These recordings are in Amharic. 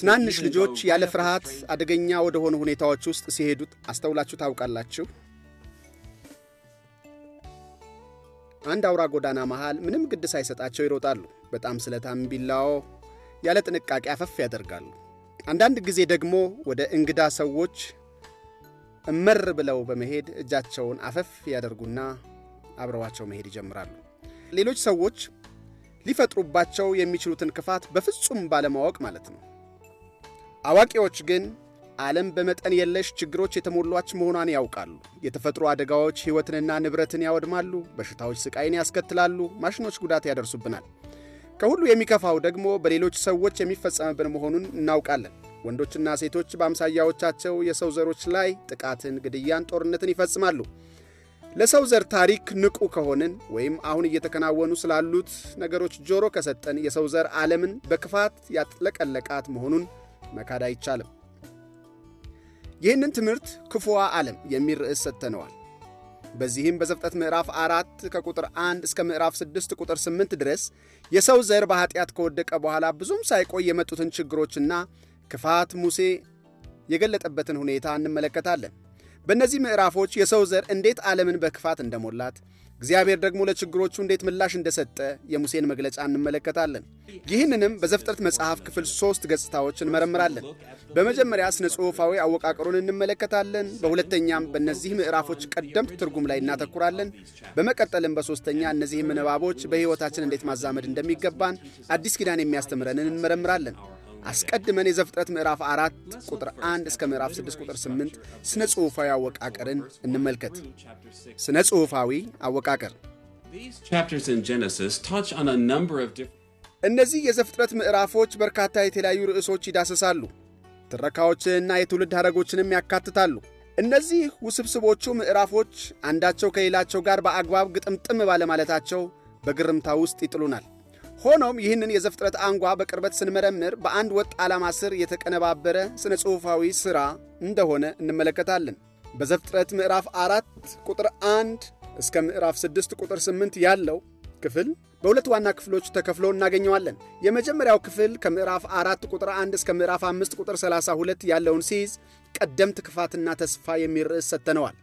ትናንሽ ልጆች ያለ ፍርሃት አደገኛ ወደ ሆኑ ሁኔታዎች ውስጥ ሲሄዱት አስተውላችሁ ታውቃላችሁ? አንድ አውራ ጎዳና መሃል ምንም ግድ ሳይሰጣቸው ይሮጣሉ። በጣም ስለታም ቢላዎ ያለ ጥንቃቄ አፈፍ ያደርጋሉ። አንዳንድ ጊዜ ደግሞ ወደ እንግዳ ሰዎች እመር ብለው በመሄድ እጃቸውን አፈፍ ያደርጉና አብረዋቸው መሄድ ይጀምራሉ። ሌሎች ሰዎች ሊፈጥሩባቸው የሚችሉትን ክፋት በፍጹም ባለማወቅ ማለት ነው። አዋቂዎች ግን ዓለም በመጠን የለሽ ችግሮች የተሞሏች መሆኗን ያውቃሉ። የተፈጥሮ አደጋዎች ሕይወትንና ንብረትን ያወድማሉ። በሽታዎች ስቃይን ያስከትላሉ። ማሽኖች ጉዳት ያደርሱብናል። ከሁሉ የሚከፋው ደግሞ በሌሎች ሰዎች የሚፈጸምብን መሆኑን እናውቃለን። ወንዶችና ሴቶች በአምሳያዎቻቸው የሰው ዘሮች ላይ ጥቃትን፣ ግድያን፣ ጦርነትን ይፈጽማሉ። ለሰው ዘር ታሪክ ንቁ ከሆንን ወይም አሁን እየተከናወኑ ስላሉት ነገሮች ጆሮ ከሰጠን የሰው ዘር ዓለምን በክፋት ያጥለቀለቃት መሆኑን መካድ አይቻልም። ይህንን ትምህርት ክፉዋ ዓለም የሚል ርዕስ ሰጥተነዋል። በዚህም በዘፍጠት ምዕራፍ አራት ከቁጥር አንድ እስከ ምዕራፍ ስድስት ቁጥር ስምንት ድረስ የሰው ዘር በኃጢአት ከወደቀ በኋላ ብዙም ሳይቆይ የመጡትን ችግሮችና ክፋት ሙሴ የገለጠበትን ሁኔታ እንመለከታለን። በእነዚህ ምዕራፎች የሰው ዘር እንዴት ዓለምን በክፋት እንደሞላት እግዚአብሔር ደግሞ ለችግሮቹ እንዴት ምላሽ እንደሰጠ የሙሴን መግለጫ እንመለከታለን። ይህንንም በዘፍጥረት መጽሐፍ ክፍል ሦስት ገጽታዎች እንመረምራለን። በመጀመሪያ ስነ ጽሑፋዊ አወቃቀሩን እንመለከታለን። በሁለተኛም በእነዚህ ምዕራፎች ቀደምት ትርጉም ላይ እናተኩራለን። በመቀጠልም በሦስተኛ እነዚህ ምንባቦች በሕይወታችን እንዴት ማዛመድ እንደሚገባን አዲስ ኪዳን የሚያስተምረንን እንመረምራለን። አስቀድመን የዘፍጥረት ምዕራፍ አራት ቁጥር 1 እስከ ምዕራፍ 6 ቁጥር 8 ስነ ጽሑፋዊ አወቃቀርን እንመልከት። ስነ ጽሑፋዊ አወቃቀር እነዚህ የዘፍጥረት ምዕራፎች በርካታ የተለያዩ ርዕሶች ይዳሰሳሉ። ትረካዎችንና የትውልድ ሐረጎችንም ያካትታሉ። እነዚህ ውስብስቦቹ ምዕራፎች አንዳቸው ከሌላቸው ጋር በአግባብ ግጥምጥም ባለማለታቸው በግርምታ ውስጥ ይጥሉናል። ሆኖም ይህንን የዘፍጥረት አንጓ በቅርበት ስንመረምር በአንድ ወጥ ዓላማ ስር የተቀነባበረ ሥነ ጽሑፋዊ ሥራ እንደሆነ እንመለከታለን። በዘፍጥረት ምዕራፍ አራት ቁጥር አንድ እስከ ምዕራፍ ስድስት ቁጥር ስምንት ያለው ክፍል በሁለት ዋና ክፍሎች ተከፍሎ እናገኘዋለን። የመጀመሪያው ክፍል ከምዕራፍ አራት ቁጥር አንድ እስከ ምዕራፍ አምስት ቁጥር ሁለት ያለውን ሲይዝ ቀደምት ክፋትና ተስፋ የሚል ርዕስ ሰጥተነዋል።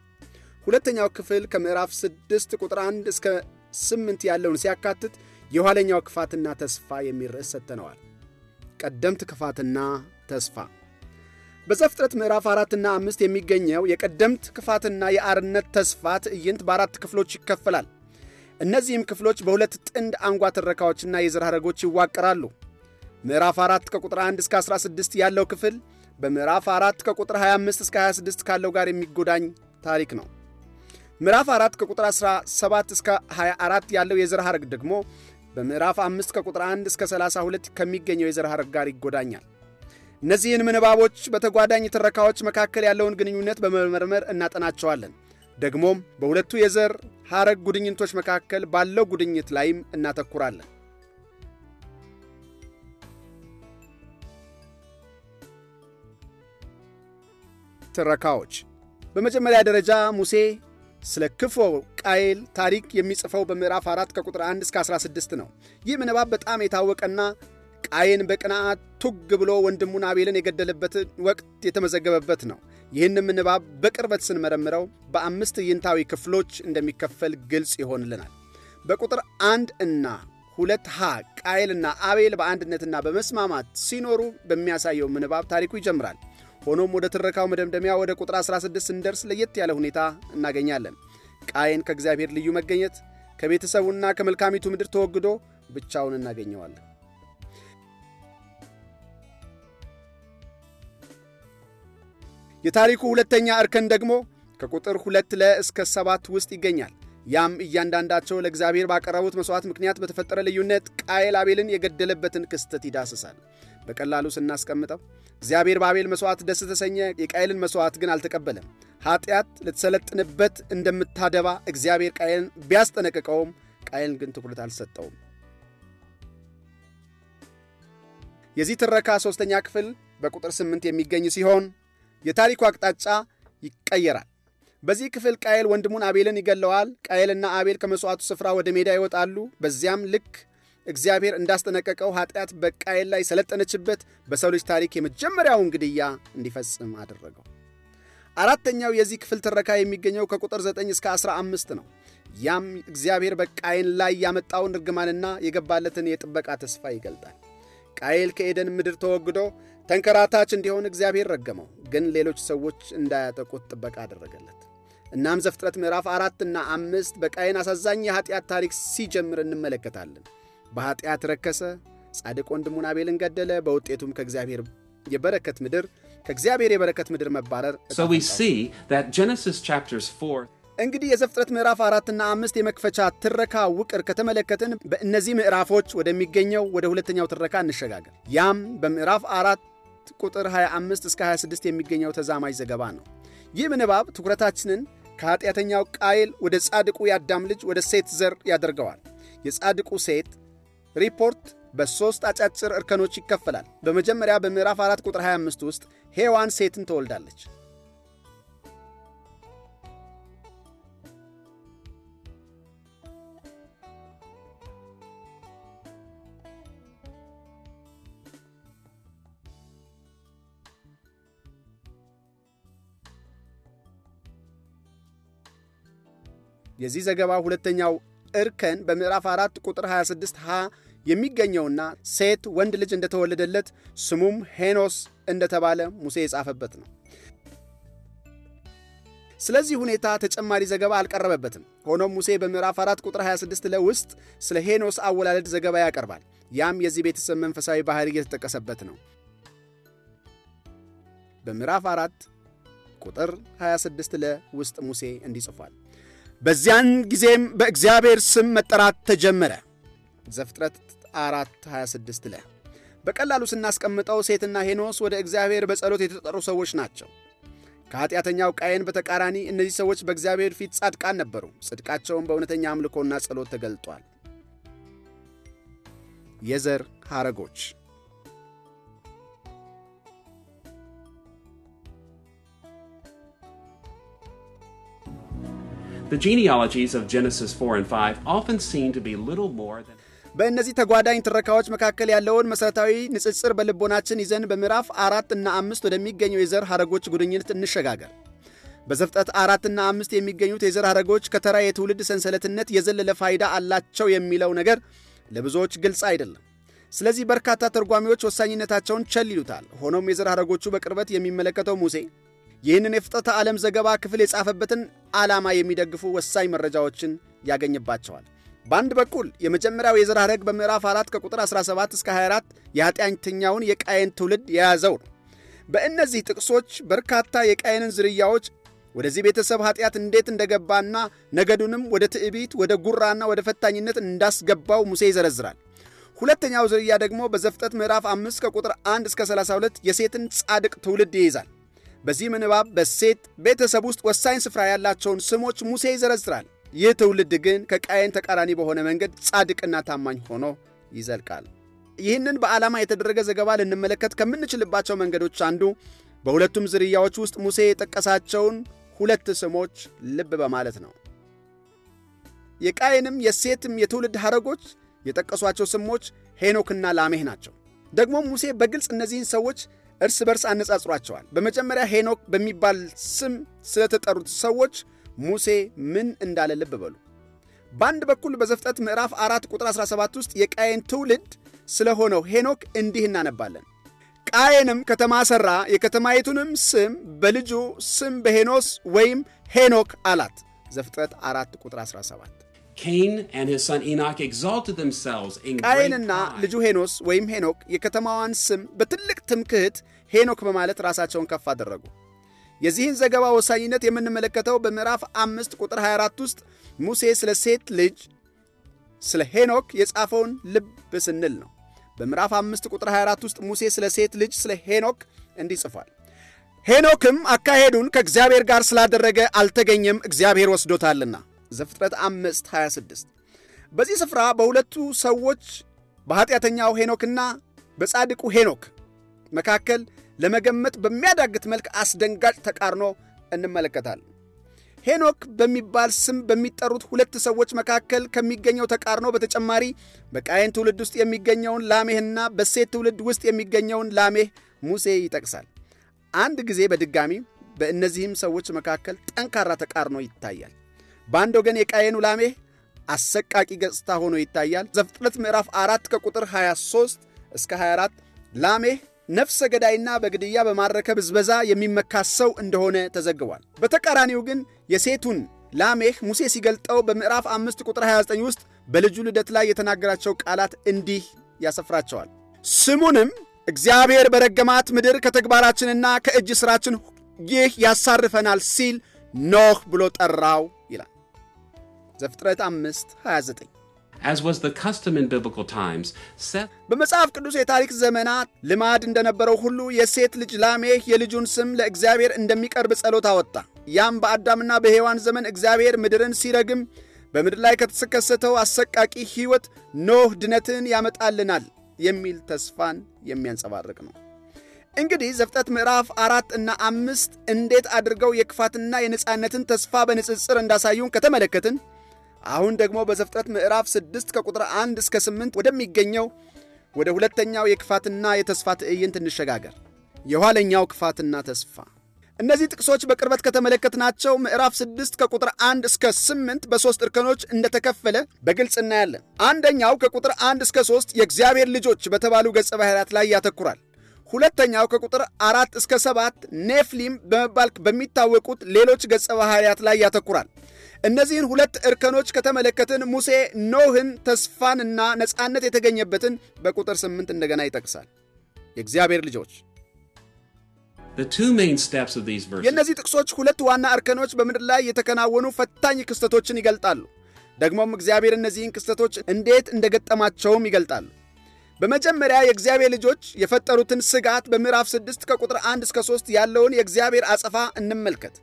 ሁለተኛው ክፍል ከምዕራፍ ስድስት ቁጥር አንድ እስከ ስምንት ያለውን ሲያካትት የኋለኛው ክፋትና ተስፋ የሚል ርዕስ ሰጥተነዋል። ቀደምት ክፋትና ተስፋ በዘፍጥረት ምዕራፍ አራትና አምስት የሚገኘው የቀደምት ክፋትና የአርነት ተስፋ ትዕይንት በአራት ክፍሎች ይከፈላል። እነዚህም ክፍሎች በሁለት ጥንድ አንጓ ትረካዎችና የዘር ሐረጎች ይዋቀራሉ። ምዕራፍ 4 ከቁጥር 1 እስከ 16 ያለው ክፍል በምዕራፍ 4 ከቁጥር 25 እስከ 26 ካለው ጋር የሚጎዳኝ ታሪክ ነው። ምዕራፍ 4 ከቁጥር 17 እስከ 24 ያለው የዘር ሐረግ ደግሞ በምዕራፍ 5 ከቁጥር 1 እስከ 32 ከሚገኘው የዘር ሐረግ ጋር ይጎዳኛል። እነዚህን ንባቦች በተጓዳኝ ትረካዎች መካከል ያለውን ግንኙነት በመመርመር እናጠናቸዋለን። ደግሞም በሁለቱ የዘር ሐረግ ጉድኝቶች መካከል ባለው ጉድኝት ላይም እናተኩራለን። ትረካዎች በመጀመሪያ ደረጃ ሙሴ ስለ ክፎ ቃየል ታሪክ የሚጽፈው በምዕራፍ 4 ከቁጥር 1 እስከ 16 ነው። ይህ ምንባብ በጣም የታወቀና ቃየን በቅንዓት ቱግ ብሎ ወንድሙን አቤልን የገደለበት ወቅት የተመዘገበበት ነው። ይህንም ምንባብ በቅርበት ስንመረምረው በአምስት ትዕይንታዊ ክፍሎች እንደሚከፈል ግልጽ ይሆንልናል። በቁጥር አንድ እና ሁለት ሀ ቃየልና አቤል በአንድነትና በመስማማት ሲኖሩ በሚያሳየው ምንባብ ታሪኩ ይጀምራል። ሆኖም ወደ ትረካው መደምደሚያ ወደ ቁጥር 16 ስንደርስ ለየት ያለ ሁኔታ እናገኛለን። ቃየን ከእግዚአብሔር ልዩ መገኘት ከቤተሰቡና ከመልካሚቱ ምድር ተወግዶ ብቻውን እናገኘዋለን። የታሪኩ ሁለተኛ እርከን ደግሞ ከቁጥር ሁለት ለ እስከ ሰባት ውስጥ ይገኛል። ያም እያንዳንዳቸው ለእግዚአብሔር ባቀረቡት መሥዋዕት ምክንያት በተፈጠረ ልዩነት ቃየል አቤልን የገደለበትን ክስተት ይዳስሳል። በቀላሉ ስናስቀምጠው እግዚአብሔር ባቤል መሥዋዕት ደስ ተሰኘ፣ የቃየልን መሥዋዕት ግን አልተቀበለም። ኃጢአት ልትሰለጥንበት እንደምታደባ እግዚአብሔር ቃየልን ቢያስጠነቅቀውም ቃየልን ግን ትኩረት አልሰጠውም። የዚህ ትረካ ሦስተኛ ክፍል በቁጥር ስምንት የሚገኝ ሲሆን የታሪኩ አቅጣጫ ይቀየራል። በዚህ ክፍል ቃየል ወንድሙን አቤልን ይገለዋል። ቃየልና አቤል ከመሥዋዕቱ ስፍራ ወደ ሜዳ ይወጣሉ። በዚያም ልክ እግዚአብሔር እንዳስጠነቀቀው ኃጢአት በቃየል ላይ ሰለጠነችበት። በሰው ልጅ ታሪክ የመጀመሪያውን ግድያ እንዲፈጽም አደረገው። አራተኛው የዚህ ክፍል ትረካ የሚገኘው ከቁጥር 9 እስከ 15 ነው። ያም እግዚአብሔር በቃየል ላይ ያመጣውን እርግማንና የገባለትን የጥበቃ ተስፋ ይገልጣል። ቃየል ከኤደን ምድር ተወግዶ ተንከራታች እንዲሆን እግዚአብሔር ረገመው፣ ግን ሌሎች ሰዎች እንዳያጠቁት ጥበቃ አደረገለት። እናም ዘፍጥረት ምዕራፍ አራትና እና አምስት በቃየን አሳዛኝ የኃጢአት ታሪክ ሲጀምር እንመለከታለን። በኃጢአት ረከሰ፣ ጻድቅ ወንድሙን አቤልን ገደለ። በውጤቱም ከእግዚአብሔር የበረከት ምድር ከእግዚአብሔር የበረከት ምድር መባረር እንግዲህ የዘፍጥረት ምዕራፍ አራትና አምስት የመክፈቻ ትረካ ውቅር ከተመለከትን በእነዚህ ምዕራፎች ወደሚገኘው ወደ ሁለተኛው ትረካ እንሸጋገር። ያም በምዕራፍ አራት ቁጥር 25 እስከ 26 የሚገኘው ተዛማጅ ዘገባ ነው። ይህ ምንባብ ትኩረታችንን ከኃጢአተኛው ቃይል ወደ ጻድቁ የአዳም ልጅ ወደ ሴት ዘር ያደርገዋል። የጻድቁ ሴት ሪፖርት በሦስት አጫጭር እርከኖች ይከፈላል። በመጀመሪያ በምዕራፍ 4 ቁጥር 25 ውስጥ ሔዋን ሴትን ትወልዳለች። የዚህ ዘገባ ሁለተኛው እርከን በምዕራፍ 4 ቁጥር 26 ሃ የሚገኘውና ሴት ወንድ ልጅ እንደተወለደለት ስሙም ሄኖስ እንደተባለ ሙሴ የጻፈበት ነው። ስለዚህ ሁኔታ ተጨማሪ ዘገባ አልቀረበበትም። ሆኖም ሙሴ በምዕራፍ 4 ቁጥር 26 ለ ውስጥ ስለ ሄኖስ አወላለድ ዘገባ ያቀርባል። ያም የዚህ ቤተሰብ መንፈሳዊ ባህሪ እየተጠቀሰበት ነው። በምዕራፍ 4 ቁጥር 26 ለ ውስጥ ሙሴ እንዲህ ጽፏል። በዚያን ጊዜም በእግዚአብሔር ስም መጠራት ተጀመረ። ዘፍጥረት 4 26 ላይ በቀላሉ ስናስቀምጠው ሴትና ሄኖስ ወደ እግዚአብሔር በጸሎት የተጠሩ ሰዎች ናቸው። ከኃጢአተኛው ቃየን በተቃራኒ እነዚህ ሰዎች በእግዚአብሔር ፊት ጻድቃን ነበሩ። ጽድቃቸውም በእውነተኛ አምልኮና ጸሎት ተገልጧል። የዘር ሐረጎች The genealogies of Genesis 4 and 5 often seem to be little more than በእነዚህ ተጓዳኝ ትረካዎች መካከል ያለውን መሰረታዊ ንጽጽር በልቦናችን ይዘን በምዕራፍ አራት እና አምስት ወደሚገኘው የዘር ሐረጎች ጉድኝት እንሸጋገር። በዘፍጠት አራትና አምስት የሚገኙት የዘር ሐረጎች ከተራ የትውልድ ሰንሰለትነት የዘለለ ፋይዳ አላቸው የሚለው ነገር ለብዙዎች ግልጽ አይደለም። ስለዚህ በርካታ ተርጓሚዎች ወሳኝነታቸውን ቸል ይሉታል። ሆኖም የዘር ሐረጎቹ በቅርበት የሚመለከተው ሙሴ ይህንን የፍጥረተ ዓለም ዘገባ ክፍል የጻፈበትን ዓላማ የሚደግፉ ወሳኝ መረጃዎችን ያገኝባቸዋል። በአንድ በኩል የመጀመሪያው የዘር ሐረግ በምዕራፍ 4 ከቁጥር 17 እስከ 24 የኃጢአተኛውን የቃየን ትውልድ የያዘው ነው። በእነዚህ ጥቅሶች በርካታ የቃየንን ዝርያዎች ወደዚህ ቤተሰብ ኃጢአት እንዴት እንደገባና ነገዱንም ወደ ትዕቢት፣ ወደ ጉራና ወደ ፈታኝነት እንዳስገባው ሙሴ ይዘረዝራል። ሁለተኛው ዝርያ ደግሞ በዘፍጠት ምዕራፍ 5 ከቁጥር 1 እስከ 32 የሴትን ጻድቅ ትውልድ ይይዛል። በዚህ ምንባብ በሴት ቤተሰብ ውስጥ ወሳኝ ስፍራ ያላቸውን ስሞች ሙሴ ይዘረዝራል። ይህ ትውልድ ግን ከቃየን ተቃራኒ በሆነ መንገድ ጻድቅና ታማኝ ሆኖ ይዘልቃል። ይህንን በዓላማ የተደረገ ዘገባ ልንመለከት ከምንችልባቸው መንገዶች አንዱ በሁለቱም ዝርያዎች ውስጥ ሙሴ የጠቀሳቸውን ሁለት ስሞች ልብ በማለት ነው። የቃየንም የሴትም የትውልድ ሐረጎች የጠቀሷቸው ስሞች ሄኖክና ላሜህ ናቸው። ደግሞ ሙሴ በግልጽ እነዚህን ሰዎች እርስ በርስ አነጻጽሯቸዋል። በመጀመሪያ ሄኖክ በሚባል ስም ስለተጠሩት ሰዎች ሙሴ ምን እንዳለ ልብ በሉ። በአንድ በኩል በዘፍጠት ምዕራፍ 4 ቁጥር 17 ውስጥ የቃየን ትውልድ ስለሆነው ሄኖክ እንዲህ እናነባለን። ቃየንም ከተማ ሠራ፣ የከተማይቱንም ስም በልጁ ስም በሄኖስ ወይም ሄኖክ አላት። ዘፍጥረት 4 ቁጥር 17 ቃየንና ልጁ ሄኖስ ወይም ሄኖክ የከተማዋን ስም በትልቅ ትምክህት ሄኖክ በማለት ራሳቸውን ከፍ አደረጉ። የዚህን ዘገባ ወሳኝነት የምንመለከተው በምዕራፍ አምስት ቁጥር 24 ውስጥ ሙሴ ስለ ሴት ልጅ ስለ ሄኖክ የጻፈውን ልብ ስንል ነው። በምዕራፍ አምስት ቁጥር 24 ውስጥ ሙሴ ስለ ሴት ልጅ ስለ ሄኖክ እንዲህ ጽፏል። ሄኖክም አካሄዱን ከእግዚአብሔር ጋር ስላደረገ አልተገኘም፣ እግዚአብሔር ወስዶታልና። ዘፍጥረት አምስት 26 በዚህ ስፍራ በሁለቱ ሰዎች በኃጢአተኛው ሄኖክና በጻድቁ ሄኖክ መካከል ለመገመት በሚያዳግት መልክ አስደንጋጭ ተቃርኖ እንመለከታለን። ሄኖክ በሚባል ስም በሚጠሩት ሁለት ሰዎች መካከል ከሚገኘው ተቃርኖ በተጨማሪ በቃየን ትውልድ ውስጥ የሚገኘውን ላሜህና በሴት ትውልድ ውስጥ የሚገኘውን ላሜህ ሙሴ ይጠቅሳል። አንድ ጊዜ በድጋሚ በእነዚህም ሰዎች መካከል ጠንካራ ተቃርኖ ይታያል። በአንድ ወገን የቃየኑ ላሜህ አሰቃቂ ገጽታ ሆኖ ይታያል። ዘፍጥረት ምዕራፍ 4 ከቁጥር 23 እስከ 24 ላሜህ ነፍሰ ገዳይና በግድያ በማረከብ ብዝበዛ የሚመካ ሰው እንደሆነ ተዘግቧል። በተቃራኒው ግን የሴቱን ላሜህ ሙሴ ሲገልጠው በምዕራፍ 5 ቁጥር 29 ውስጥ በልጁ ልደት ላይ የተናገራቸው ቃላት እንዲህ ያሰፍራቸዋል። ስሙንም እግዚአብሔር በረገማት ምድር ከተግባራችንና ከእጅ ሥራችን ይህ ያሳርፈናል ሲል ኖህ ብሎ ጠራው ይላል ዘፍጥረት 5 29 በመጽሐፍ ቅዱስ የታሪክ ዘመናት ልማድ እንደነበረው ሁሉ የሴት ልጅ ላሜህ የልጁን ስም ለእግዚአብሔር እንደሚቀርብ ጸሎት አወጣ። ያም በአዳምና በሔዋን ዘመን እግዚአብሔር ምድርን ሲረግም በምድር ላይ ከተከሰተው አሰቃቂ ሕይወት ኖህ ድነትን ያመጣልናል የሚል ተስፋን የሚያንጸባርቅ ነው። እንግዲህ ዘፍጠት ምዕራፍ አራት እና አምስት እንዴት አድርገው የክፋትና የነፃነትን ተስፋ በንጽጽር እንዳሳዩን ከተመለከትን አሁን ደግሞ በዘፍጥረት ምዕራፍ 6 ከቁጥር 1 እስከ 8 ወደሚገኘው ወደ ሁለተኛው የክፋትና የተስፋ ትዕይንት እንሸጋገር። የኋለኛው ክፋትና ተስፋ። እነዚህ ጥቅሶች በቅርበት ከተመለከትናቸው ምዕራፍ 6 ከቁጥር 1 እስከ 8 በሶስት እርከኖች እንደተከፈለ በግልጽ እናያለን። አንደኛው ከቁጥር 1 እስከ 3 የእግዚአብሔር ልጆች በተባሉ ገጸ ባህሪያት ላይ ያተኩራል። ሁለተኛው ከቁጥር 4 እስከ ሰባት ኔፍሊም በመባል በሚታወቁት ሌሎች ገጸ ባህሪያት ላይ ያተኩራል። እነዚህን ሁለት እርከኖች ከተመለከትን ሙሴ ኖህን ተስፋንና ነፃነት የተገኘበትን በቁጥር ስምንት እንደገና ይጠቅሳል። የእግዚአብሔር ልጆች የእነዚህ ጥቅሶች ሁለት ዋና እርከኖች በምድር ላይ የተከናወኑ ፈታኝ ክስተቶችን ይገልጣሉ። ደግሞም እግዚአብሔር እነዚህን ክስተቶች እንዴት እንደገጠማቸውም ይገልጣሉ። በመጀመሪያ የእግዚአብሔር ልጆች የፈጠሩትን ስጋት በምዕራፍ 6 ከቁጥር 1 እስከ 3 ያለውን የእግዚአብሔር አጸፋ እንመልከት።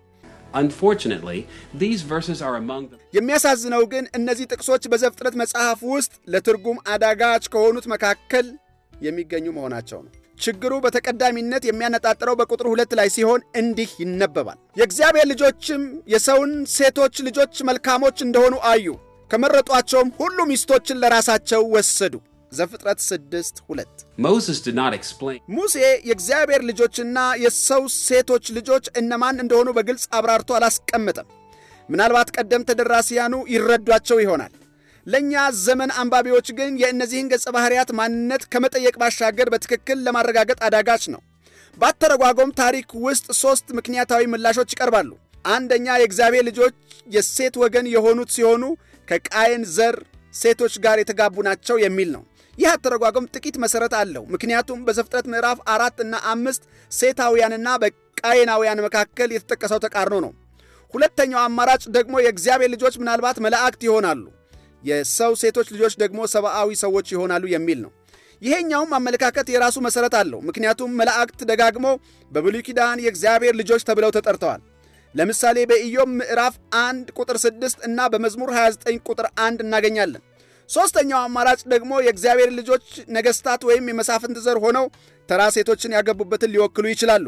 የሚያሳዝነው ግን እነዚህ ጥቅሶች በዘፍጥረት መጽሐፍ ውስጥ ለትርጉም አዳጋች ከሆኑት መካከል የሚገኙ መሆናቸው ነው። ችግሩ በተቀዳሚነት የሚያነጣጥረው በቁጥር ሁለት ላይ ሲሆን እንዲህ ይነበባል፣ የእግዚአብሔር ልጆችም የሰውን ሴቶች ልጆች መልካሞች እንደሆኑ አዩ፣ ከመረጧቸውም ሁሉ ሚስቶችን ለራሳቸው ወሰዱ። ዘፍጥረት 6 2 ሙሴ የእግዚአብሔር ልጆችና የሰው ሴቶች ልጆች እነማን እንደሆኑ በግልጽ አብራርቶ አላስቀምጠም። ምናልባት ቀደም ተደራሲያኑ ይረዷቸው ይሆናል። ለእኛ ዘመን አንባቢዎች ግን የእነዚህን ገጸ ባህሪያት ማንነት ከመጠየቅ ባሻገር በትክክል ለማረጋገጥ አዳጋች ነው። ባተረጓጎም ታሪክ ውስጥ ሦስት ምክንያታዊ ምላሾች ይቀርባሉ። አንደኛ፣ የእግዚአብሔር ልጆች የሴት ወገን የሆኑት ሲሆኑ ከቃየን ዘር ሴቶች ጋር የተጋቡ ናቸው የሚል ነው። ይህ አተረጓጎም ጥቂት መሰረት አለው። ምክንያቱም በዘፍጥረት ምዕራፍ አራት እና አምስት ሴታውያንና በቃየናውያን መካከል የተጠቀሰው ተቃርኖ ነው። ሁለተኛው አማራጭ ደግሞ የእግዚአብሔር ልጆች ምናልባት መላእክት ይሆናሉ፣ የሰው ሴቶች ልጆች ደግሞ ሰብአዊ ሰዎች ይሆናሉ የሚል ነው። ይሄኛውም አመለካከት የራሱ መሰረት አለው። ምክንያቱም መላእክት ደጋግሞ በብሉይ ኪዳን የእግዚአብሔር ልጆች ተብለው ተጠርተዋል። ለምሳሌ በኢዮብ ምዕራፍ 1 ቁጥር 6 እና በመዝሙር 29 ቁጥር 1 እናገኛለን። ሦስተኛው አማራጭ ደግሞ የእግዚአብሔር ልጆች ነገሥታት ወይም የመሳፍንት ዘር ሆነው ተራ ሴቶችን ያገቡበትን ሊወክሉ ይችላሉ።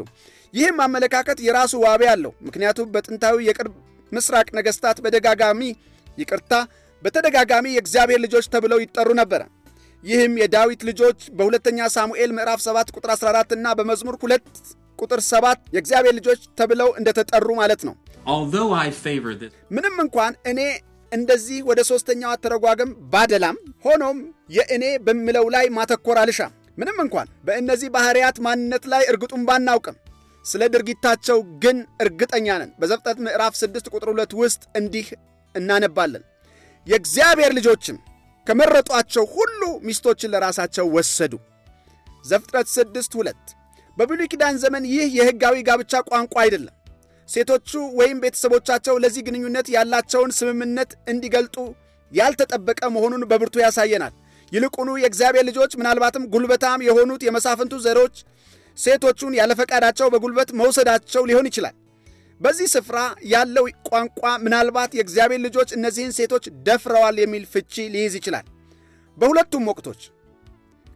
ይህም አመለካከት የራሱ ዋቢ አለው። ምክንያቱም በጥንታዊ የቅርብ ምስራቅ ነገሥታት በደጋጋሚ ይቅርታ፣ በተደጋጋሚ የእግዚአብሔር ልጆች ተብለው ይጠሩ ነበረ። ይህም የዳዊት ልጆች በሁለተኛ ሳሙኤል ምዕራፍ 7 ቁጥር 14 እና በመዝሙር 2 ቁጥር 7 የእግዚአብሔር ልጆች ተብለው እንደተጠሩ ማለት ነው። ምንም እንኳን እኔ እንደዚህ ወደ ሦስተኛው አተረጓገም ባደላም፣ ሆኖም የእኔ በሚለው ላይ ማተኮር አልሻም። ምንም እንኳን በእነዚህ ባሕርያት ማንነት ላይ እርግጡን ባናውቅም ስለ ድርጊታቸው ግን እርግጠኛ ነን። በዘፍጥረት ምዕራፍ 6 ቁጥር 2 ውስጥ እንዲህ እናነባለን፣ የእግዚአብሔር ልጆችም ከመረጧቸው ሁሉ ሚስቶችን ለራሳቸው ወሰዱ። ዘፍጥረት 6 2 በብሉይ ኪዳን ዘመን ይህ የሕጋዊ ጋብቻ ቋንቋ አይደለም። ሴቶቹ ወይም ቤተሰቦቻቸው ለዚህ ግንኙነት ያላቸውን ስምምነት እንዲገልጡ ያልተጠበቀ መሆኑን በብርቱ ያሳየናል። ይልቁኑ የእግዚአብሔር ልጆች ምናልባትም ጉልበታም የሆኑት የመሳፍንቱ ዘሮች ሴቶቹን ያለፈቃዳቸው በጉልበት መውሰዳቸው ሊሆን ይችላል። በዚህ ስፍራ ያለው ቋንቋ ምናልባት የእግዚአብሔር ልጆች እነዚህን ሴቶች ደፍረዋል የሚል ፍቺ ሊይዝ ይችላል። በሁለቱም ወቅቶች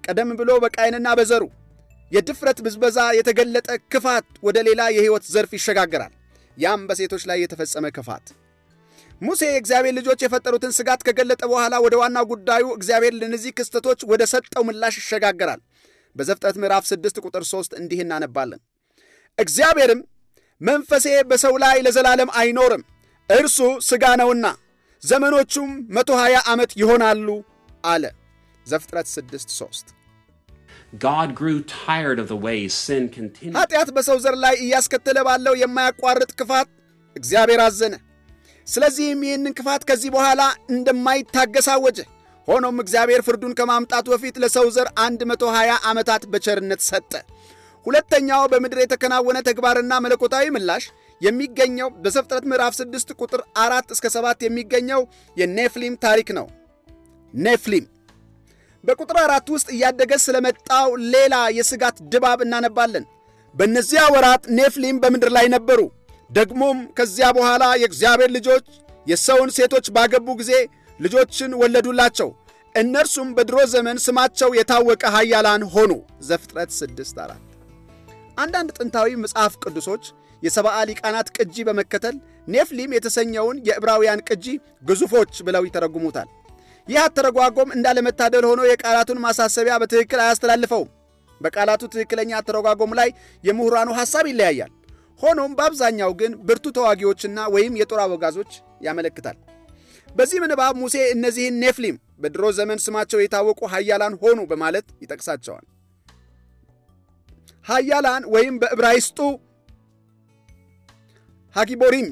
ቀደም ብሎ በቃይንና በዘሩ የድፍረት ብዝበዛ የተገለጠ ክፋት ወደ ሌላ የሕይወት ዘርፍ ይሸጋገራል። ያም በሴቶች ላይ የተፈጸመ ክፋት። ሙሴ የእግዚአብሔር ልጆች የፈጠሩትን ስጋት ከገለጠ በኋላ ወደ ዋና ጉዳዩ እግዚአብሔር ለእነዚህ ክስተቶች ወደ ሰጠው ምላሽ ይሸጋገራል። በዘፍጥረት ምዕራፍ 6 ቁጥር 3 እንዲህ እናነባለን። እግዚአብሔርም መንፈሴ በሰው ላይ ለዘላለም አይኖርም፣ እርሱ ሥጋ ነውና ዘመኖቹም መቶ20 ዓመት ይሆናሉ አለ። ዘፍጥረት 6 3 ኃጢአት በሰው ዘር ላይ እያስከተለ ባለው የማያቋርጥ ክፋት እግዚአብሔር አዘነ። ስለዚህም ይህንን ክፋት ከዚህ በኋላ እንደማይታገስ አወጀ። ሆኖም እግዚአብሔር ፍርዱን ከማምጣቱ በፊት ለሰው ዘር 120 ዓመታት በቸርነት ሰጠ። ሁለተኛው በምድር የተከናወነ ተግባርና መለኮታዊ ምላሽ የሚገኘው በዘፍጥረት ምዕራፍ 6 ቁጥር 4 እስከ 7 የሚገኘው የኔፍሊም ታሪክ ነው። ኔፍሊም በቁጥር አራት ውስጥ እያደገ ስለመጣው ሌላ የስጋት ድባብ እናነባለን። በእነዚያ ወራት ኔፍሊም በምድር ላይ ነበሩ። ደግሞም ከዚያ በኋላ የእግዚአብሔር ልጆች የሰውን ሴቶች ባገቡ ጊዜ ልጆችን ወለዱላቸው። እነርሱም በድሮ ዘመን ስማቸው የታወቀ ኃያላን ሆኑ። ዘፍጥረት 6 4 አንዳንድ ጥንታዊ መጽሐፍ ቅዱሶች የሰብአ ሊቃናት ቅጂ በመከተል ኔፍሊም የተሰኘውን የዕብራውያን ቅጂ ግዙፎች ብለው ይተረጉሙታል። ይህ አተረጓጎም እንዳለመታደል ሆኖ የቃላቱን ማሳሰቢያ በትክክል አያስተላልፈውም። በቃላቱ ትክክለኛ አተረጓጎም ላይ የምሁራኑ ሐሳብ ይለያያል። ሆኖም በአብዛኛው ግን ብርቱ ተዋጊዎችና ወይም የጦር አበጋዞች ያመለክታል። በዚህ ምንባብ ሙሴ እነዚህን ኔፍሊም በድሮ ዘመን ስማቸው የታወቁ ሀያላን ሆኑ በማለት ይጠቅሳቸዋል። ሀያላን ወይም በዕብራይስጡ ሀጊቦሪም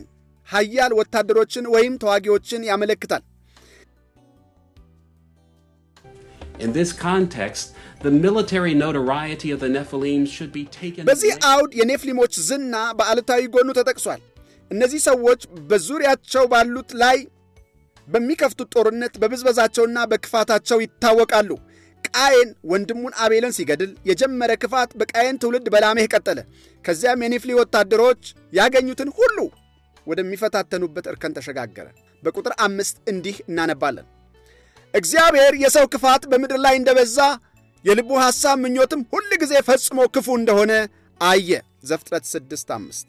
ሀያል ወታደሮችን ወይም ተዋጊዎችን ያመለክታል። In this context, the military notoriety of the Nephilim should be taken በዚህ አውድ የኔፍሊሞች ዝና በአሉታዊ ጎኑ ተጠቅሷል። እነዚህ ሰዎች በዙሪያቸው ባሉት ላይ በሚከፍቱት ጦርነት በብዝበዛቸውና በክፋታቸው ይታወቃሉ። ቃየን ወንድሙን አቤልን ሲገድል የጀመረ ክፋት በቃየን ትውልድ በላሜህ ቀጠለ። ከዚያም የኔፍሊ ወታደሮች ያገኙትን ሁሉ ወደሚፈታተኑበት እርከን ተሸጋገረ። በቁጥር አምስት እንዲህ እናነባለን። እግዚአብሔር የሰው ክፋት በምድር ላይ እንደበዛ የልቡ ሐሳብ ምኞትም ሁል ጊዜ ፈጽሞ ክፉ እንደሆነ አየ። ዘፍጥረት 6 5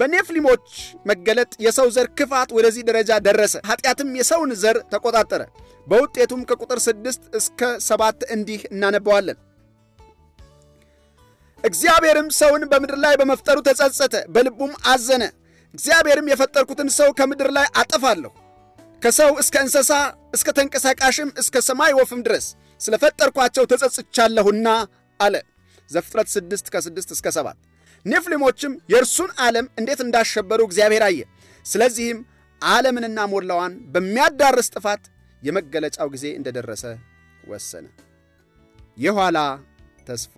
በኔፍሊሞች መገለጥ የሰው ዘር ክፋት ወደዚህ ደረጃ ደረሰ። ኃጢአትም የሰውን ዘር ተቆጣጠረ። በውጤቱም ከቁጥር ስድስት እስከ ሰባት እንዲህ እናነባዋለን። እግዚአብሔርም ሰውን በምድር ላይ በመፍጠሩ ተጸጸተ፣ በልቡም አዘነ። እግዚአብሔርም የፈጠርኩትን ሰው ከምድር ላይ አጠፋለሁ፣ ከሰው እስከ እንስሳ እስከ ተንቀሳቃሽም እስከ ሰማይ ወፍም ድረስ ስለፈጠርኳቸው ተጸጽቻለሁና አለ። ዘፍጥረት 6 ከ6 እስከ 7 ኔፍሊሞችም የእርሱን ዓለም እንዴት እንዳሸበሩ እግዚአብሔር አየ። ስለዚህም ዓለምንና ሞላዋን በሚያዳርስ ጥፋት የመገለጫው ጊዜ እንደደረሰ ወሰነ። የኋላ ተስፋ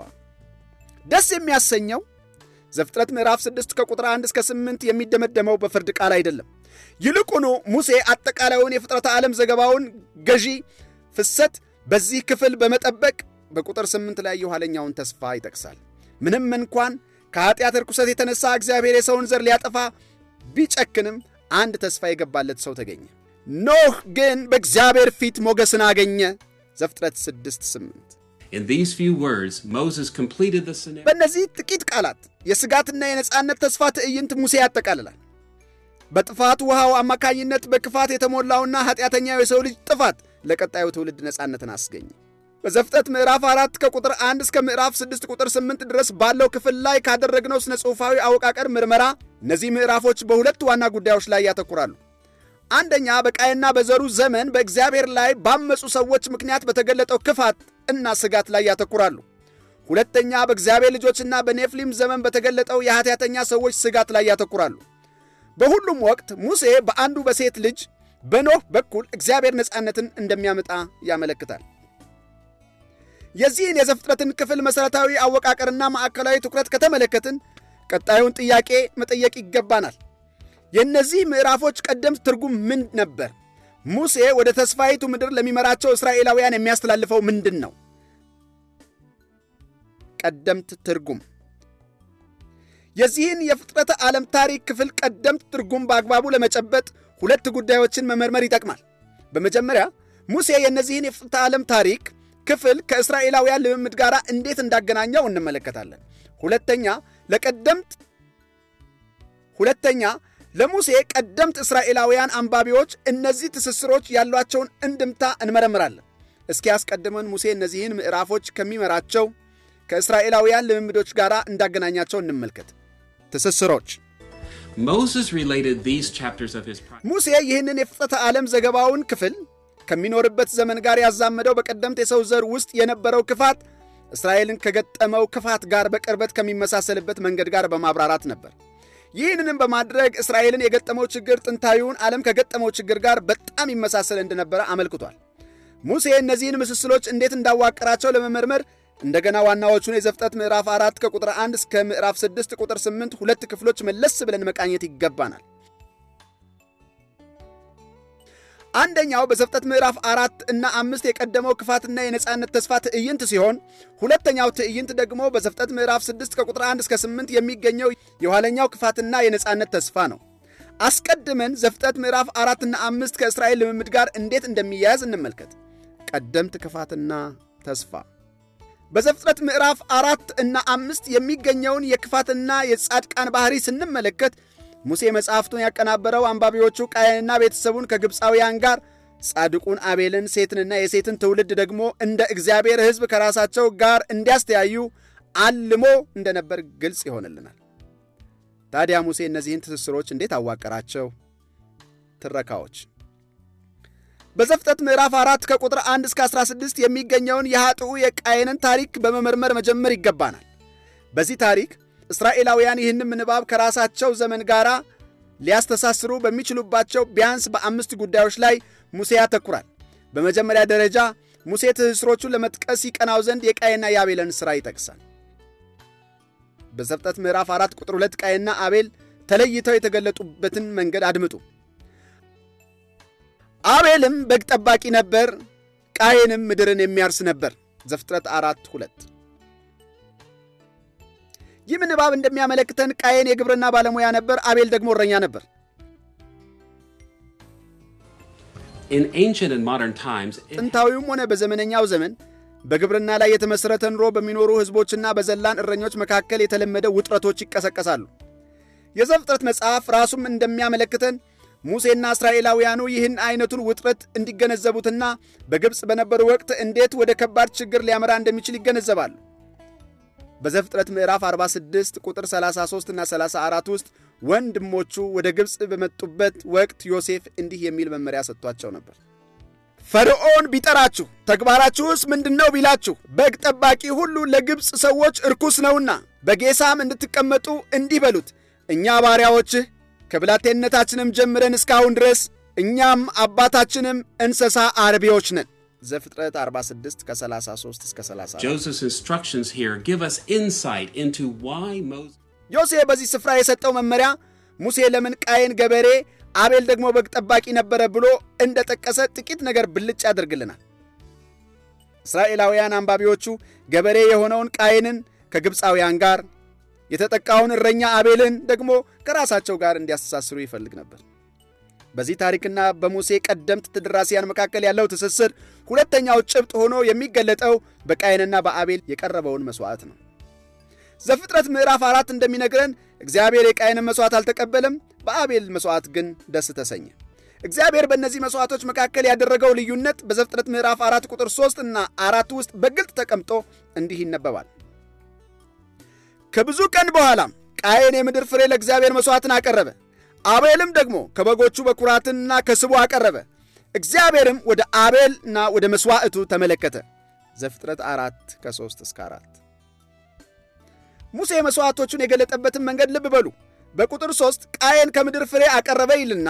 ደስ የሚያሰኘው ዘፍጥረት ምዕራፍ 6 ከቁጥር 1 እስከ 8 የሚደመደመው በፍርድ ቃል አይደለም። ይልቁኑ ሙሴ አጠቃላዩን የፍጥረተ ዓለም ዘገባውን ገዢ ፍሰት በዚህ ክፍል በመጠበቅ በቁጥር 8 ላይ የኋለኛውን ተስፋ ይጠቅሳል። ምንም እንኳን ከኃጢአት ርኩሰት የተነሳ እግዚአብሔር የሰውን ዘር ሊያጠፋ ቢጨክንም አንድ ተስፋ የገባለት ሰው ተገኘ። ኖህ ግን በእግዚአብሔር ፊት ሞገስን አገኘ። ዘፍጥረት 6 8 በእነዚህ ጥቂት ቃላት የስጋትና የነጻነት ተስፋ ትዕይንት ሙሴ ያጠቃልላል። በጥፋት ውሃው አማካኝነት በክፋት የተሞላውና ኃጢአተኛው የሰው ልጅ ጥፋት ለቀጣዩ ትውልድ ነጻነትን አስገኘ። በዘፍጠት ምዕራፍ 4 ከቁጥር 1 እስከ ምዕራፍ 6 ቁጥር 8 ድረስ ባለው ክፍል ላይ ካደረግነው ስነ ጽሑፋዊ አወቃቀር ምርመራ እነዚህ ምዕራፎች በሁለት ዋና ጉዳዮች ላይ ያተኩራሉ። አንደኛ፣ በቃይና በዘሩ ዘመን በእግዚአብሔር ላይ ባመፁ ሰዎች ምክንያት በተገለጠው ክፋት እና ስጋት ላይ ያተኩራሉ። ሁለተኛ በእግዚአብሔር ልጆችና በኔፍሊም ዘመን በተገለጠው የኃጢአተኛ ሰዎች ስጋት ላይ ያተኩራሉ። በሁሉም ወቅት ሙሴ በአንዱ በሴት ልጅ በኖህ በኩል እግዚአብሔር ነፃነትን እንደሚያመጣ ያመለክታል። የዚህን የዘፍጥረትን ክፍል መሠረታዊ አወቃቀርና ማዕከላዊ ትኩረት ከተመለከትን ቀጣዩን ጥያቄ መጠየቅ ይገባናል። የእነዚህ ምዕራፎች ቀደምት ትርጉም ምን ነበር? ሙሴ ወደ ተስፋይቱ ምድር ለሚመራቸው እስራኤላውያን የሚያስተላልፈው ምንድን ነው? ቀደምት ትርጉም የዚህን የፍጥረተ ዓለም ታሪክ ክፍል ቀደምት ትርጉም በአግባቡ ለመጨበጥ ሁለት ጉዳዮችን መመርመር ይጠቅማል። በመጀመሪያ ሙሴ የእነዚህን የፍጥረተ ዓለም ታሪክ ክፍል ከእስራኤላውያን ልምምድ ጋር እንዴት እንዳገናኘው እንመለከታለን። ሁለተኛ ለቀደምት ሁለተኛ ለሙሴ ቀደምት እስራኤላውያን አንባቢዎች እነዚህ ትስስሮች ያሏቸውን እንድምታ እንመረምራለን። እስኪ አስቀድመን ሙሴ እነዚህን ምዕራፎች ከሚመራቸው ከእስራኤላውያን ልምምዶች ጋር እንዳገናኛቸው እንመልከት። ትስስሮች ሙሴ ይህንን የፍጥረተ ዓለም ዘገባውን ክፍል ከሚኖርበት ዘመን ጋር ያዛመደው በቀደምት የሰው ዘር ውስጥ የነበረው ክፋት እስራኤልን ከገጠመው ክፋት ጋር በቅርበት ከሚመሳሰልበት መንገድ ጋር በማብራራት ነበር። ይህንንም በማድረግ እስራኤልን የገጠመው ችግር ጥንታዊውን ዓለም ከገጠመው ችግር ጋር በጣም ይመሳሰል እንደነበረ አመልክቷል። ሙሴ እነዚህን ምስስሎች እንዴት እንዳዋቀራቸው ለመመርመር እንደገና ዋናዎቹን የዘፍጠት ምዕራፍ አራት ከቁጥር 1 እስከ ምዕራፍ ስድስት ቁጥር 8 ሁለት ክፍሎች መለስ ብለን መቃኘት ይገባናል። አንደኛው በዘፍጠት ምዕራፍ አራት እና አምስት የቀደመው ክፋትና የነፃነት ተስፋ ትዕይንት ሲሆን ሁለተኛው ትዕይንት ደግሞ በዘፍጠት ምዕራፍ ስድስት ከቁጥር አንድ እስከ ስምንት የሚገኘው የኋለኛው ክፋትና የነፃነት ተስፋ ነው። አስቀድመን ዘፍጠት ምዕራፍ እና አምስት ከእስራኤል ልምምድ ጋር እንዴት እንደሚያያዝ እንመልከት። ቀደምት ክፋትና ተስፋ በዘፍጥረት ምዕራፍ አራት እና አምስት የሚገኘውን የክፋትና የጻድቃን ባህሪ ስንመለከት ሙሴ መጽሐፍቱን ያቀናበረው አንባቢዎቹ ቃየንና ቤተሰቡን ከግብፃውያን ጋር ጻድቁን አቤልን ሴትንና የሴትን ትውልድ ደግሞ እንደ እግዚአብሔር ሕዝብ ከራሳቸው ጋር እንዲያስተያዩ አልሞ እንደነበር ግልጽ ይሆንልናል። ታዲያ ሙሴ እነዚህን ትስስሮች እንዴት አዋቀራቸው? ትረካዎች በዘፍጠት ምዕራፍ 4 ከቁጥር 1 እስከ 16 የሚገኘውን የኃጥኡ የቃየንን ታሪክ በመመርመር መጀመር ይገባናል። በዚህ ታሪክ እስራኤላውያን ይህንም ንባብ ከራሳቸው ዘመን ጋር ሊያስተሳስሩ በሚችሉባቸው ቢያንስ በአምስት ጉዳዮች ላይ ሙሴ ያተኩራል። በመጀመሪያ ደረጃ ሙሴ ትሕስሮቹን ለመጥቀስ ይቀናው ዘንድ የቃየንና የአቤልን ሥራ ይጠቅሳል። በዘፍጠት ምዕራፍ 4 ቁጥር 2 ቃየንና አቤል ተለይተው የተገለጡበትን መንገድ አድምጡ። አቤልም በግ ጠባቂ ነበር፣ ቃየንም ምድርን የሚያርስ ነበር። ዘፍጥረት አራት ሁለት ይህ ምንባብ እንደሚያመለክተን ቃየን የግብርና ባለሙያ ነበር፣ አቤል ደግሞ እረኛ ነበር። ጥንታዊውም ሆነ በዘመነኛው ዘመን በግብርና ላይ የተመሠረተ ኑሮ በሚኖሩ ሕዝቦችና በዘላን እረኞች መካከል የተለመደ ውጥረቶች ይቀሰቀሳሉ። የዘፍጥረት መጽሐፍ ራሱም እንደሚያመለክተን ሙሴና እስራኤላውያኑ ይህን አይነቱን ውጥረት እንዲገነዘቡትና በግብፅ በነበሩ ወቅት እንዴት ወደ ከባድ ችግር ሊያመራ እንደሚችል ይገነዘባሉ። በዘፍጥረት ምዕራፍ 46 ቁጥር 33 እና 34 ውስጥ ወንድሞቹ ወደ ግብፅ በመጡበት ወቅት ዮሴፍ እንዲህ የሚል መመሪያ ሰጥቷቸው ነበር። ፈርዖን ቢጠራችሁ ተግባራችሁስ ምንድን ነው ቢላችሁ፣ በግ ጠባቂ ሁሉ ለግብፅ ሰዎች እርኩስ ነውና በጌሳም እንድትቀመጡ እንዲህ በሉት፣ እኛ ባሪያዎችህ ከብላቴነታችንም ጀምረን እስካሁን ድረስ እኛም አባታችንም እንስሳ አርቢዎች ነን። ዘፍጥረት 46 ከ33 እስከ በዚህ ስፍራ የሰጠው መመሪያ ሙሴ ለምን ቃየን ገበሬ አቤል ደግሞ በግ ጠባቂ ነበረ ብሎ እንደጠቀሰ ጥቂት ነገር ብልጭ ያደርግልናል። እስራኤላውያን አንባቢዎቹ ገበሬ የሆነውን ቃየንን ከግብፃውያን ጋር የተጠቃውን እረኛ አቤልን ደግሞ ከራሳቸው ጋር እንዲያስተሳስሩ ይፈልግ ነበር። በዚህ ታሪክና በሙሴ ቀደምት ትድራሲያን መካከል ያለው ትስስር ሁለተኛው ጭብጥ ሆኖ የሚገለጠው በቃየንና በአቤል የቀረበውን መሥዋዕት ነው። ዘፍጥረት ምዕራፍ አራት እንደሚነግረን እግዚአብሔር የቃየንን መሥዋዕት አልተቀበለም፣ በአቤል መሥዋዕት ግን ደስ ተሰኘ። እግዚአብሔር በእነዚህ መሥዋዕቶች መካከል ያደረገው ልዩነት በዘፍጥረት ምዕራፍ አራት ቁጥር ሦስት እና አራት ውስጥ በግልጥ ተቀምጦ እንዲህ ይነበባል። ከብዙ ቀን በኋላም ቃየን የምድር ፍሬ ለእግዚአብሔር መሥዋዕትን አቀረበ። አቤልም ደግሞ ከበጎቹ በኩራትንና ከስቡ አቀረበ። እግዚአብሔርም ወደ አቤልና ወደ መሥዋዕቱ ተመለከተ። ዘፍጥረት አራት ከሦስት እስከ አራት ሙሴ መሥዋዕቶቹን የገለጠበትን መንገድ ልብ በሉ። በቁጥር ሦስት ቃየን ከምድር ፍሬ አቀረበ ይልና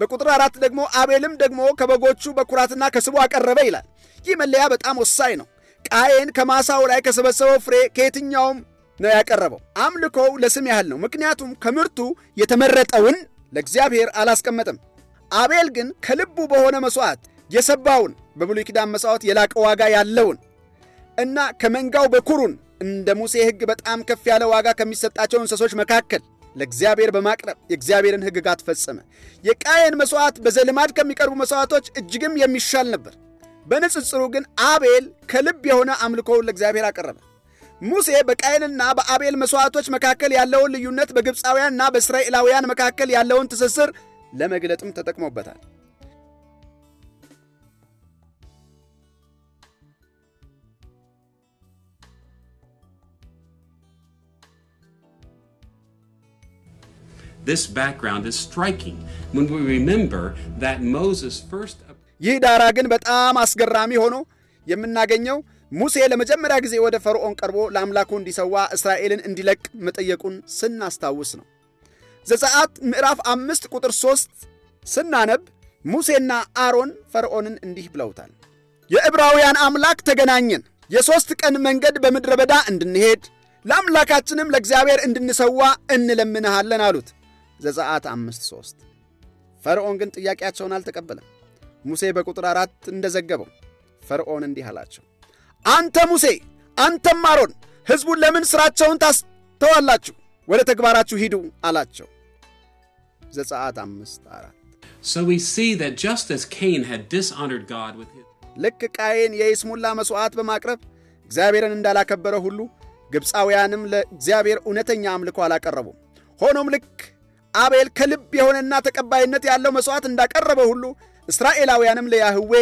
በቁጥር አራት ደግሞ አቤልም ደግሞ ከበጎቹ በኩራትና ከስቡ አቀረበ ይላል። ይህ መለያ በጣም ወሳኝ ነው። ቃየን ከማሳው ላይ ከሰበሰበው ፍሬ ከየትኛውም ነው ያቀረበው። አምልኮው ለስም ያህል ነው፣ ምክንያቱም ከምርቱ የተመረጠውን ለእግዚአብሔር አላስቀመጠም። አቤል ግን ከልቡ በሆነ መሥዋዕት የሰባውን በብሉይ ኪዳን መሥዋዕት የላቀ ዋጋ ያለውን እና ከመንጋው በኩሩን እንደ ሙሴ ሕግ በጣም ከፍ ያለ ዋጋ ከሚሰጣቸው እንስሶች መካከል ለእግዚአብሔር በማቅረብ የእግዚአብሔርን ሕግጋት ፈጸመ። የቃየን መሥዋዕት በዘልማድ ከሚቀርቡ መሥዋዕቶች እጅግም የሚሻል ነበር። በንጽጽሩ ግን አቤል ከልብ የሆነ አምልኮውን ለእግዚአብሔር አቀረበ። ሙሴ በቃየንና በአቤል መሥዋዕቶች መካከል ያለውን ልዩነት በግብፃውያንና በእስራኤላውያን መካከል ያለውን ትስስር ለመግለጥም ተጠቅሞበታል። ይህ ዳራ ግን በጣም አስገራሚ ሆኖ የምናገኘው ሙሴ ለመጀመሪያ ጊዜ ወደ ፈርዖን ቀርቦ ለአምላኩ እንዲሰዋ እስራኤልን እንዲለቅ መጠየቁን ስናስታውስ ነው። ዘጸአት ምዕራፍ አምስት ቁጥር ሦስት ስናነብ ሙሴና አሮን ፈርዖንን እንዲህ ብለውታል። የዕብራውያን አምላክ ተገናኘን፣ የሦስት ቀን መንገድ በምድረ በዳ እንድንሄድ ለአምላካችንም ለእግዚአብሔር እንድንሰዋ እንለምንሃለን አሉት። ዘጸአት አምስት ሦስት ፈርዖን ግን ጥያቄያቸውን አልተቀበለም። ሙሴ በቁጥር አራት እንደዘገበው ፈርዖን እንዲህ አላቸው አንተ ሙሴ፣ አንተም አሮን ሕዝቡን ለምን ሥራቸውን ታስተዋላችሁ? ወደ ተግባራችሁ ሂዱ አላቸው። ዘጸአት አምስት አራት ልክ ቃየን የይስሙላ መሥዋዕት በማቅረብ እግዚአብሔርን እንዳላከበረ ሁሉ ግብፃውያንም ለእግዚአብሔር እውነተኛ አምልኮ አላቀረቡም። ሆኖም ልክ አቤል ከልብ የሆነና ተቀባይነት ያለው መሥዋዕት እንዳቀረበ ሁሉ እስራኤላውያንም ለያህዌ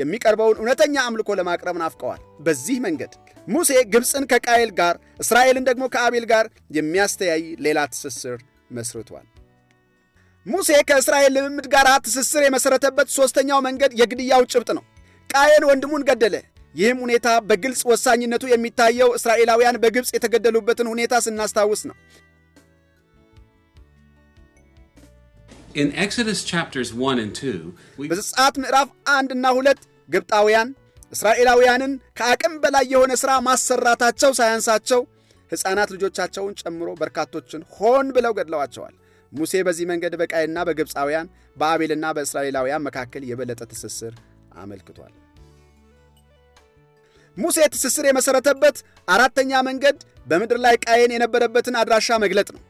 የሚቀርበውን እውነተኛ አምልኮ ለማቅረብ ናፍቀዋል። በዚህ መንገድ ሙሴ ግብፅን ከቃየል ጋር እስራኤልን ደግሞ ከአቤል ጋር የሚያስተያይ ሌላ ትስስር መስርቷል። ሙሴ ከእስራኤል ልምምድ ጋር ትስስር የመሠረተበት ሦስተኛው መንገድ የግድያው ጭብጥ ነው። ቃየል ወንድሙን ገደለ። ይህም ሁኔታ በግልጽ ወሳኝነቱ የሚታየው እስራኤላውያን በግብፅ የተገደሉበትን ሁኔታ ስናስታውስ ነው። በዘጸአት ምዕራፍ እና ሁለት ግብጣውያን እስራኤላውያንን ከአቅም በላይ የሆነ ሥራ ማሰራታቸው ሳያንሳቸው ሕፃናት ልጆቻቸውን ጨምሮ በርካቶችን ሆን ብለው ገድለዋቸዋል። ሙሴ በዚህ መንገድ በቃይና በግብፃውያን በአቤልና በእስራኤላውያን መካከል የበለጠ ትስስር አመልክቷል። ሙሴ ትስስር የመሠረተበት አራተኛ መንገድ በምድር ላይ ቃየን የነበረበትን አድራሻ መግለጥ ነው።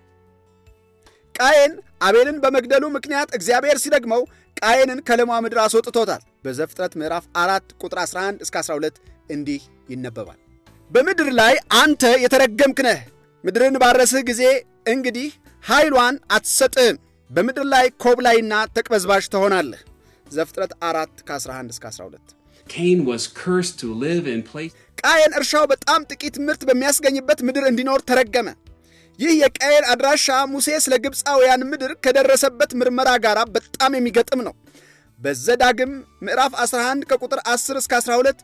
ቃየን አቤልን በመግደሉ ምክንያት እግዚአብሔር ሲደግመው ቃየንን ከለማ ምድር አስወጥቶታል። በዘፍጥረት ምዕራፍ 4 ቁጥር 11 እስከ 12 እንዲህ ይነበባል። በምድር ላይ አንተ የተረገምክ ነህ፣ ምድርን ባረስህ ጊዜ እንግዲህ ኃይሏን አትሰጥህም፣ በምድር ላይ ኮብላይና ተቅበዝባዥ ትሆናለህ። ዘፍጥረት 4 ከ11 እስከ 12 ቃየን እርሻው በጣም ጥቂት ምርት በሚያስገኝበት ምድር እንዲኖር ተረገመ። ይህ የቃየል አድራሻ ሙሴ ስለ ግብፃውያን ምድር ከደረሰበት ምርመራ ጋር በጣም የሚገጥም ነው። በዘዳግም ምዕራፍ 11 ከቁጥር 10 እስከ 12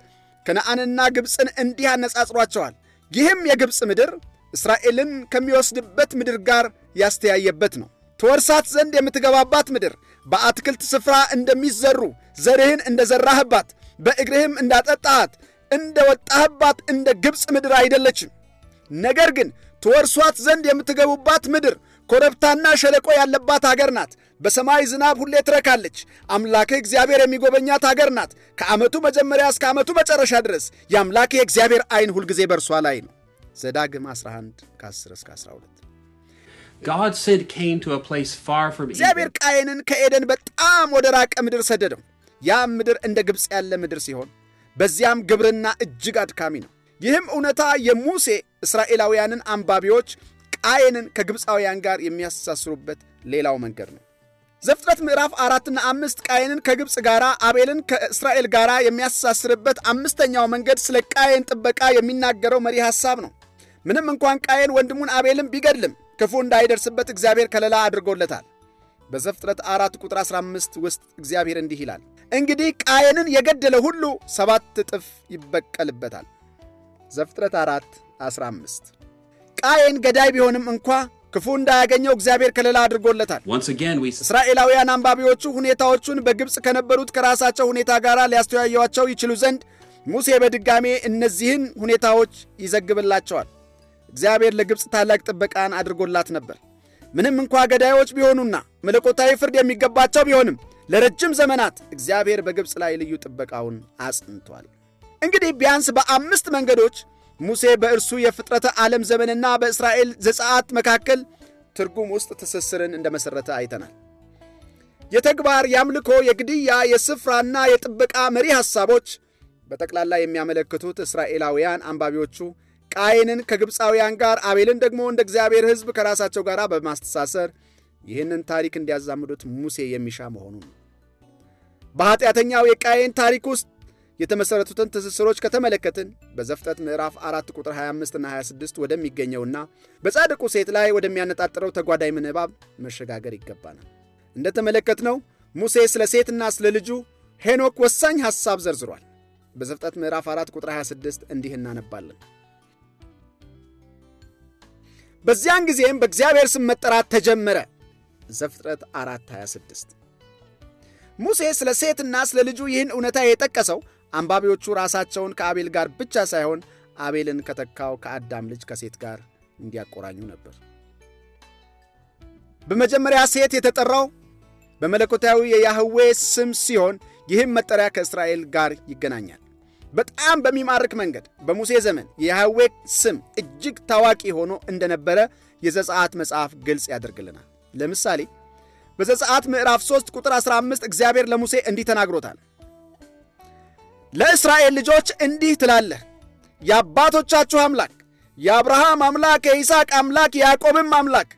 ከነአንና ግብፅን እንዲህ አነጻጽሯቸዋል። ይህም የግብፅ ምድር እስራኤልን ከሚወስድበት ምድር ጋር ያስተያየበት ነው። ትወርሳት ዘንድ የምትገባባት ምድር በአትክልት ስፍራ እንደሚዘሩ ዘርህን እንደ ዘራህባት በእግርህም እንዳጠጣሃት እንደ ወጣህባት እንደ ግብፅ ምድር አይደለችም። ነገር ግን ትወርሷት ዘንድ የምትገቡባት ምድር ኮረብታና ሸለቆ ያለባት አገር ናት። በሰማይ ዝናብ ሁሌ ትረካለች። አምላክህ እግዚአብሔር የሚጎበኛት አገር ናት። ከዓመቱ መጀመሪያ እስከ ዓመቱ መጨረሻ ድረስ የአምላክህ የእግዚአብሔር ዐይን ሁልጊዜ በእርሷ ላይ ነው። ዘዳግም 11 10 እስከ 12 እግዚአብሔር ቃየንን ከኤደን በጣም ወደ ራቀ ምድር ሰደደው። ያም ምድር እንደ ግብፅ ያለ ምድር ሲሆን በዚያም ግብርና እጅግ አድካሚ ነው። ይህም እውነታ የሙሴ እስራኤላውያንን አንባቢዎች ቃየንን ከግብፃውያን ጋር የሚያሳስሩበት ሌላው መንገድ ነው። ዘፍጥረት ምዕራፍ አራትና አምስት ቃየንን ከግብፅ ጋር አቤልን ከእስራኤል ጋር የሚያሳስርበት አምስተኛው መንገድ ስለ ቃየን ጥበቃ የሚናገረው መሪ ሐሳብ ነው። ምንም እንኳን ቃየን ወንድሙን አቤልን ቢገድልም ክፉ እንዳይደርስበት እግዚአብሔር ከለላ አድርጎለታል። በዘፍጥረት አራት ቁጥር 15 ውስጥ እግዚአብሔር እንዲህ ይላል፣ እንግዲህ ቃየንን የገደለ ሁሉ ሰባት እጥፍ ይበቀልበታል። ዘፍጥረት 4 15 ቃየን ገዳይ ቢሆንም እንኳ ክፉ እንዳያገኘው እግዚአብሔር ከለላ አድርጎለታል። እስራኤላውያን አንባቢዎቹ ሁኔታዎቹን በግብፅ ከነበሩት ከራሳቸው ሁኔታ ጋር ሊያስተያዩዋቸው ይችሉ ዘንድ ሙሴ በድጋሜ እነዚህን ሁኔታዎች ይዘግብላቸዋል። እግዚአብሔር ለግብፅ ታላቅ ጥበቃን አድርጎላት ነበር። ምንም እንኳ ገዳዮች ቢሆኑና መለኮታዊ ፍርድ የሚገባቸው ቢሆንም ለረጅም ዘመናት እግዚአብሔር በግብፅ ላይ ልዩ ጥበቃውን አጽንቷል። እንግዲህ ቢያንስ በአምስት መንገዶች ሙሴ በእርሱ የፍጥረተ ዓለም ዘመንና በእስራኤል ዘጸአት መካከል ትርጉም ውስጥ ትስስርን እንደመሠረተ አይተናል። የተግባር፣ የአምልኮ፣ የግድያ፣ የስፍራና የጥበቃ መሪ ሐሳቦች በጠቅላላ የሚያመለክቱት እስራኤላውያን አንባቢዎቹ ቃየንን ከግብፃውያን ጋር አቤልን ደግሞ እንደ እግዚአብሔር ሕዝብ ከራሳቸው ጋር በማስተሳሰር ይህንን ታሪክ እንዲያዛምዱት ሙሴ የሚሻ መሆኑን ነው። በኃጢአተኛው የቃየን ታሪክ ውስጥ የተመሠረቱትን ትስስሮች ከተመለከትን በዘፍጠት ምዕራፍ 4 ቁጥር 25 እና 26 ወደሚገኘውና በጻድቁ ሴት ላይ ወደሚያነጣጥረው ተጓዳኝ ምንባብ መሸጋገር ይገባናል። እንደተመለከትነው ሙሴ ስለ ሴትና ስለ ልጁ ሄኖክ ወሳኝ ሐሳብ ዘርዝሯል። በዘፍጠት ምዕራፍ 4 ቁጥር 26 እንዲህ እናነባለን። በዚያን ጊዜም በእግዚአብሔር ስም መጠራት ተጀመረ። ዘፍጥረት 4 26 ሙሴ ስለ ሴትና ስለ ልጁ ይህን እውነታ የጠቀሰው አንባቢዎቹ ራሳቸውን ከአቤል ጋር ብቻ ሳይሆን አቤልን ከተካው ከአዳም ልጅ ከሴት ጋር እንዲያቆራኙ ነበር። በመጀመሪያ ሴት የተጠራው በመለኮታዊ የያህዌ ስም ሲሆን ይህም መጠሪያ ከእስራኤል ጋር ይገናኛል። በጣም በሚማርክ መንገድ በሙሴ ዘመን የያህዌ ስም እጅግ ታዋቂ ሆኖ እንደነበረ የዘጸአት መጽሐፍ ግልጽ ያደርግልናል። ለምሳሌ በዘጸአት ምዕራፍ 3 ቁጥር 15 እግዚአብሔር ለሙሴ እንዲህ ተናግሮታል ለእስራኤል ልጆች እንዲህ ትላለህ፣ የአባቶቻችሁ አምላክ የአብርሃም አምላክ የይስሐቅ አምላክ የያዕቆብም አምላክ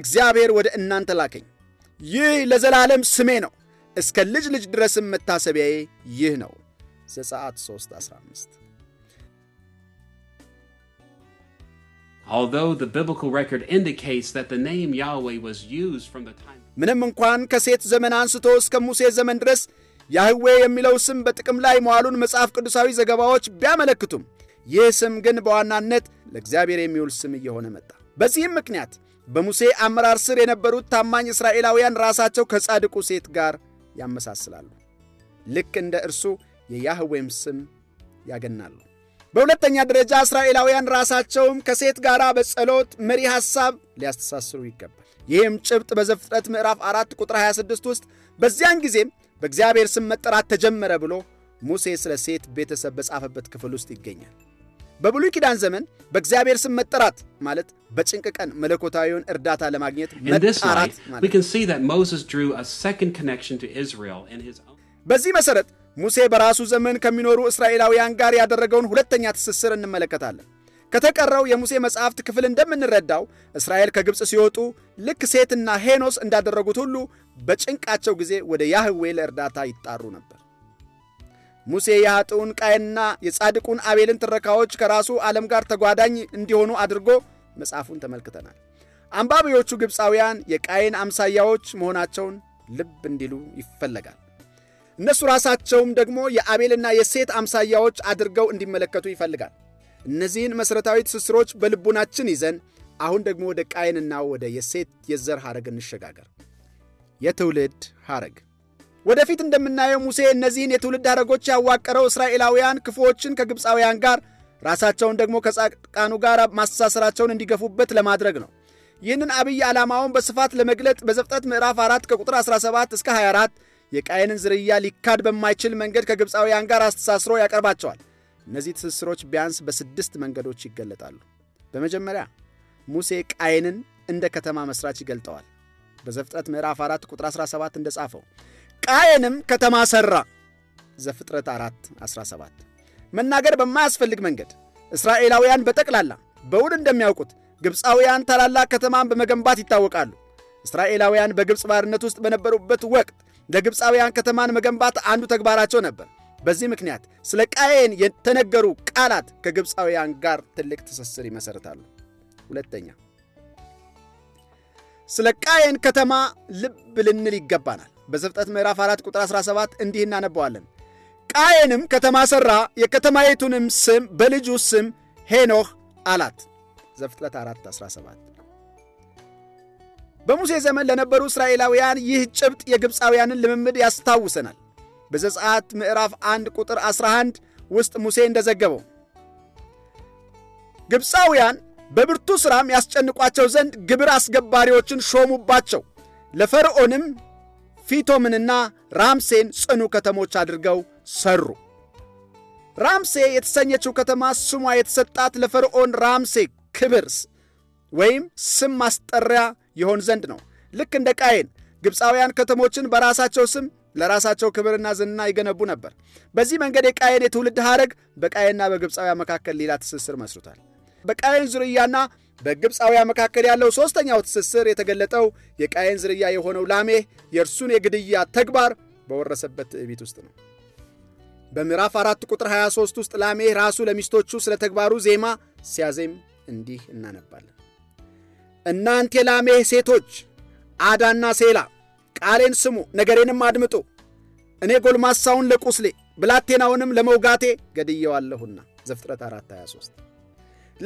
እግዚአብሔር ወደ እናንተ ላከኝ። ይህ ለዘላለም ስሜ ነው፣ እስከ ልጅ ልጅ ድረስም መታሰቢያዬ ይህ ነው። ዘጸአት 315 ምንም እንኳን ከሴት ዘመን አንስቶ እስከ ሙሴ ዘመን ድረስ ያህዌ የሚለው ስም በጥቅም ላይ መዋሉን መጽሐፍ ቅዱሳዊ ዘገባዎች ቢያመለክቱም ይህ ስም ግን በዋናነት ለእግዚአብሔር የሚውል ስም እየሆነ መጣ። በዚህም ምክንያት በሙሴ አመራር ስር የነበሩት ታማኝ እስራኤላውያን ራሳቸው ከጻድቁ ሴት ጋር ያመሳስላሉ። ልክ እንደ እርሱ የያህዌም ስም ያገናሉ። በሁለተኛ ደረጃ እስራኤላውያን ራሳቸውም ከሴት ጋር በጸሎት መሪ ሐሳብ ሊያስተሳስሩ ይገባል። ይህም ጭብጥ በዘፍጥረት ምዕራፍ 4 ቁጥር 26 ውስጥ በዚያን ጊዜም በእግዚአብሔር ስም መጠራት ተጀመረ ብሎ ሙሴ ስለ ሴት ቤተሰብ በጻፈበት ክፍል ውስጥ ይገኛል። በብሉይ ኪዳን ዘመን በእግዚአብሔር ስም መጠራት ማለት በጭንቅ ቀን መለኮታዊውን እርዳታ ለማግኘት በዚህ መሠረት ሙሴ በራሱ ዘመን ከሚኖሩ እስራኤላውያን ጋር ያደረገውን ሁለተኛ ትስስር እንመለከታለን። ከተቀረው የሙሴ መጽሐፍት ክፍል እንደምንረዳው እስራኤል ከግብፅ ሲወጡ ልክ ሴትና ሄኖስ እንዳደረጉት ሁሉ በጭንቃቸው ጊዜ ወደ ያህዌ ለእርዳታ ይጣሩ ነበር። ሙሴ የኃጥኡን ቃየንና የጻድቁን አቤልን ትረካዎች ከራሱ ዓለም ጋር ተጓዳኝ እንዲሆኑ አድርጎ መጽሐፉን ተመልክተናል። አንባቢዎቹ ግብፃውያን የቃየን አምሳያዎች መሆናቸውን ልብ እንዲሉ ይፈለጋል። እነሱ ራሳቸውም ደግሞ የአቤልና የሴት አምሳያዎች አድርገው እንዲመለከቱ ይፈልጋል። እነዚህን መሠረታዊ ትስስሮች በልቡናችን ይዘን አሁን ደግሞ ወደ ቃየንና ወደ የሴት የዘር ሐረግ እንሸጋገር። የትውልድ ሐረግ ወደፊት እንደምናየው ሙሴ እነዚህን የትውልድ ሐረጎች ያዋቀረው እስራኤላውያን ክፉዎችን ከግብፃውያን ጋር ራሳቸውን ደግሞ ከጻድቃኑ ጋር ማስተሳሰራቸውን እንዲገፉበት ለማድረግ ነው። ይህንን አብይ ዓላማውን በስፋት ለመግለጥ በዘፍጥረት ምዕራፍ 4 ከቁጥር 17 እስከ 24 የቃየንን ዝርያ ሊካድ በማይችል መንገድ ከግብፃውያን ጋር አስተሳስሮ ያቀርባቸዋል። እነዚህ ትስስሮች ቢያንስ በስድስት መንገዶች ይገለጣሉ። በመጀመሪያ ሙሴ ቃየንን እንደ ከተማ መሥራች ይገልጠዋል። በዘፍጥረት ምዕራፍ 4 ቁጥር 17 እንደ ጻፈው ቃየንም ከተማ ሠራ። ዘፍጥረት 4 17 መናገር በማያስፈልግ መንገድ እስራኤላውያን በጠቅላላ በውል እንደሚያውቁት ግብፃውያን ታላላቅ ከተማን በመገንባት ይታወቃሉ። እስራኤላውያን በግብፅ ባርነት ውስጥ በነበሩበት ወቅት ለግብፃውያን ከተማን መገንባት አንዱ ተግባራቸው ነበር። በዚህ ምክንያት ስለ ቃየን የተነገሩ ቃላት ከግብፃውያን ጋር ትልቅ ትስስር ይመሰርታሉ። ሁለተኛ ስለ ቃየን ከተማ ልብ ልንል ይገባናል። በዘፍጥረት ምዕራፍ 4 ቁጥር 17 እንዲህ እናነባዋለን። ቃየንም ከተማ ሠራ፣ የከተማይቱንም ስም በልጁ ስም ሄኖህ አላት። ዘፍጥረት 4 17 በሙሴ ዘመን ለነበሩ እስራኤላውያን ይህ ጭብጥ የግብፃውያንን ልምምድ ያስታውሰናል። በዘጸአት ምዕራፍ 1 ቁጥር 11 ውስጥ ሙሴ እንደዘገበው ግብፃውያን በብርቱ ሥራም ያስጨንቋቸው ዘንድ ግብር አስገባሪዎችን ሾሙባቸው። ለፈርዖንም ፊቶምንና ራምሴን ጽኑ ከተሞች አድርገው ሰሩ። ራምሴ የተሰኘችው ከተማ ስሟ የተሰጣት ለፈርዖን ራምሴ ክብር ወይም ስም ማስጠሪያ ይሆን ዘንድ ነው። ልክ እንደ ቃየን ግብፃውያን ከተሞችን በራሳቸው ስም ለራሳቸው ክብርና ዝና ይገነቡ ነበር። በዚህ መንገድ የቃየን የትውልድ ሐረግ በቃየንና በግብፃውያን መካከል ሌላ ትስስር መስርቷል። በቃየን ዝርያና በግብፃውያን መካከል ያለው ሦስተኛው ትስስር የተገለጠው የቃየን ዝርያ የሆነው ላሜህ የእርሱን የግድያ ተግባር በወረሰበት ትዕቢት ውስጥ ነው። በምዕራፍ 4 ቁጥር 23 ውስጥ ላሜህ ራሱ ለሚስቶቹ ስለ ተግባሩ ዜማ ሲያዜም እንዲህ እናነባለን። እናንቴ ላሜህ ሴቶች አዳና ሴላ ቃሌን ስሙ፣ ነገሬንም አድምጡ። እኔ ጎልማሳውን ለቁስሌ ብላቴናውንም ለመውጋቴ ገድየዋለሁና። ዘፍጥረት 23